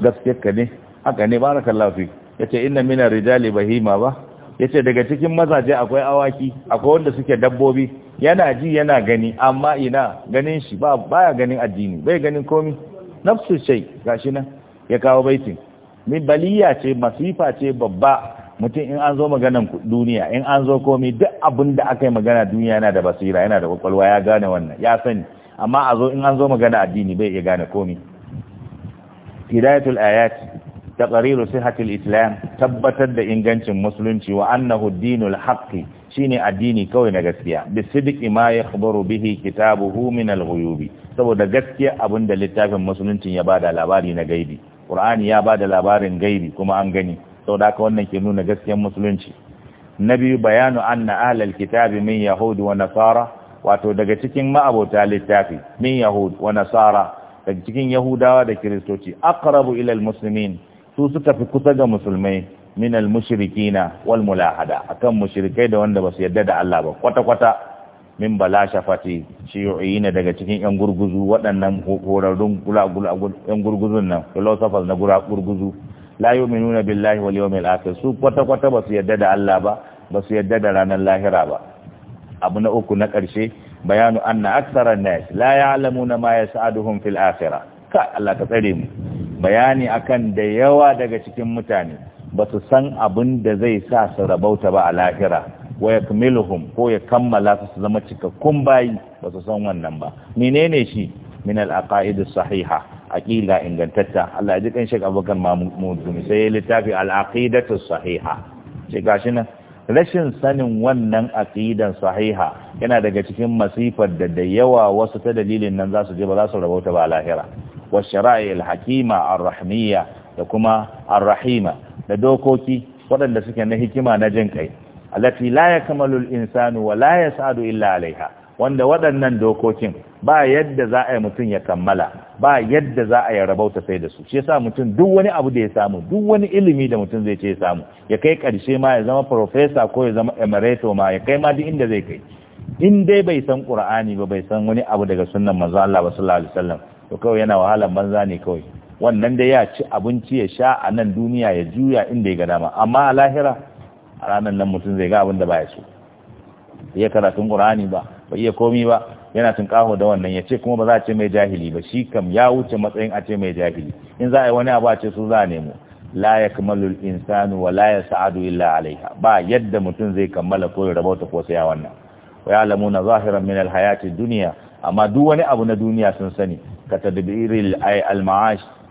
gaskiyarka ne haka ne baraka lafi ya ce ina mina rijali bahima ba ya ce daga cikin mazaje akwai awaki akwai wanda suke dabbobi yana ji yana gani amma ina ganin shi ba ya ganin addini bai ganin komi nafsu shai gashi nan ya kawo baitin min baliya ce masifa ce babba mutum in an zo maganan duniya in an zo komi duk abin da aka yi magana duniya yana da basira yana da kwakwalwa ya gane wannan ya sani amma a zo in an zo magana addini bai iya gane komi hidayatul ayat taqriru sihhatil islam tabbatar da ingancin musulunci wa annahu dinul haqqi shine addini kawai na gaskiya bi sidqi ma yakhbaru bihi kitabuhu min al-ghuyubi saboda gaskiya abinda littafin musulunci ya bada labari na gaibi qur'ani ya bada labarin gairi kuma an gani saboda haka wannan ke nuna gaskiyar musulunci na biyu bayanu anna ahlal kitabi min yahud wa nasara wato daga cikin ma'abota littafi min yahud wa nasara daga cikin yahudawa da kiristoci aqrabu ila almuslimin su suka fi kusa ga musulmai min almushrikina wal mulahada akan mushrikai da wanda basu yarda da Allah ba kwata kwata min bala shafati shi'u'ina daga cikin yan gurguzu waɗannan horarrun yan gurguzun nan philosophers na gurguzu la yu'minuna billahi wal yawmil akhir su kwata kwata ba su yadda da Allah ba ba su yadda da ranar lahira ba abu na uku na ƙarshe bayanu anna aksara nas la ya'lamuna ma yas'aduhum fil akhirah ka Allah ka tsare mu bayani akan da yawa daga cikin mutane ba su san abin da zai sa su rabauta ba a lahira wa yakmiluhum ko ya kammala su zama cikakkun bayi ba su san wannan ba menene shi min al-aqaid sahiha aqida ingantatta Allah ya ji kan Sheikh Abubakar Mahmud sai littafi al sahiha ce gashi nan rashin sanin wannan aqidan sahiha yana daga cikin masifar da da yawa wasu ta dalilin nan za su je ba za su rabauta ba lahira wa shara'i al-hakima ar rahmiya da kuma ar-rahima da dokoki waɗanda suke na hikima na jin kai allati la yakmalu al-insanu wa la yas'adu illa alaiha wanda waɗannan dokokin ba yadda za a yi mutum ya kammala ba yadda za a yi rabauta sai da su shi yasa mutum duk wani abu da ya samu duk wani ilimi da mutum zai ce ya samu ya kai karshe ma ya zama professor ko ya zama emirato ma ya kai ma duk inda zai kai in dai bai san qur'ani ba bai san wani abu daga sunnan manzo Allah ba sallallahu alaihi wasallam to kawai yana wahalan banza ne kawai wannan da ya ci abinci ya sha a nan duniya ya juya inda ya ga dama amma a lahira a ranar nan mutum zai ga abin da ya so iya karatun qur'ani ba ba iya komi ba yana tunƙaho da wannan ya ce kuma ba za a ce mai jahili ba shi kam ya wuce matsayin a ce mai jahili in za a yi wani abu a ce su za a nemo la yakmalu insanu wa la sa'adu illa alaiha ba yadda mutum zai kammala ko ya rabauta ko sai wannan wa na zahiran min al-hayati duniya amma duk wani abu na duniya sun sani ka tadbiril ai al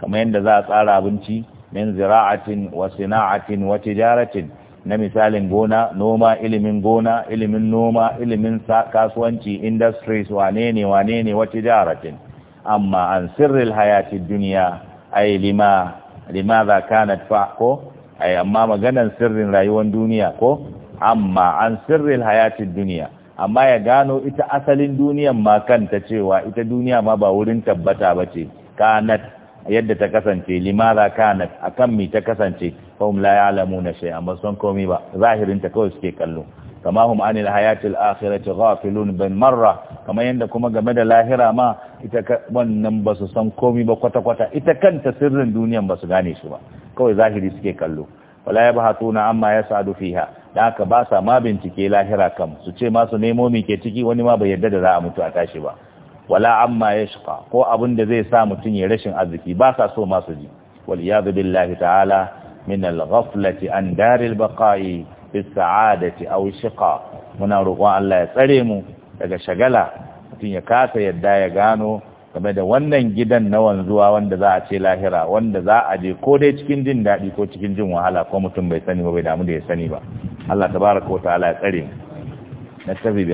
kamar yadda za a tsara abinci min zira'atin wa sina'atin wa tijaratin na misalin gona noma ilimin gona ilimin noma ilimin kasuwanci industries wane ne wane ne wata jaratin amma an sirril hayatin duniya ai lima limadha kanat fa ko ai amma maganan sirrin rayuwar duniya ko amma an sirril hayatin duniya amma ya gano ita asalin duniyan ma kanta cewa ita duniya ma ba wurin tabbata ba ce, kanat yadda ta kasance limara kanat akan mi ta kasance fahum la na shay'an amma sun komi ba zahirin ta kawai suke kallo kama hum anil hayatil akhirati ghafilun bin marra kama yanda kuma game da lahira ma ita wannan ba su san komi ba kwata kwata ita kanta sirrin duniyan ba su gane shi ba kawai zahiri suke kallo wala yabhatuna amma yasadu fiha da haka ba sa ma bincike lahira kam su ce ma su nemo mi ke ciki wani ma bai yarda da za a mutu a tashi ba wala amma ya yashqa ko abin da zai sa mutum ya rashin arziki ba sa so masu ji wal zubi billahi ta'ala min al-ghaflati an daril baqa'i bis sa'adati aw shiqa muna roƙon Allah ya tsare mu daga shagala mutum ya kasa yadda ya gano game da wannan gidan na wanzuwa wanda za a ce lahira wanda za a je ko dai cikin jin daɗi ko cikin jin wahala ko mutum bai sani ba bai damu da ya sani ba Allah tabaraka wa ta'ala ya tsare mu na tabi bi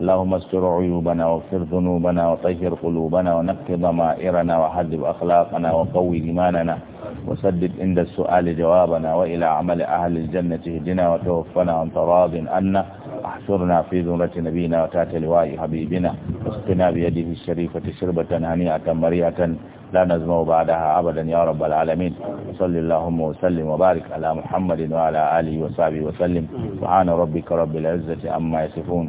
اللهم استر عيوبنا واغفر ذنوبنا وطهر قلوبنا ونقض ضمائرنا وحذب أخلاقنا وقوي إيماننا وسدد عند السؤال جوابنا وإلى عمل أهل الجنة اهدنا وتوفنا وانت راض عنا احشرنا في ذرة نبينا وتات لواء حبيبنا واسقنا بيده الشريفة شربة هنيئة مريئة لا نزمع بعدها أبدا يا رب العالمين وصل اللهم وسلم وبارك على محمد وعلى آله وصحبه وسلم سبحان ربك رب العزة عما يصفون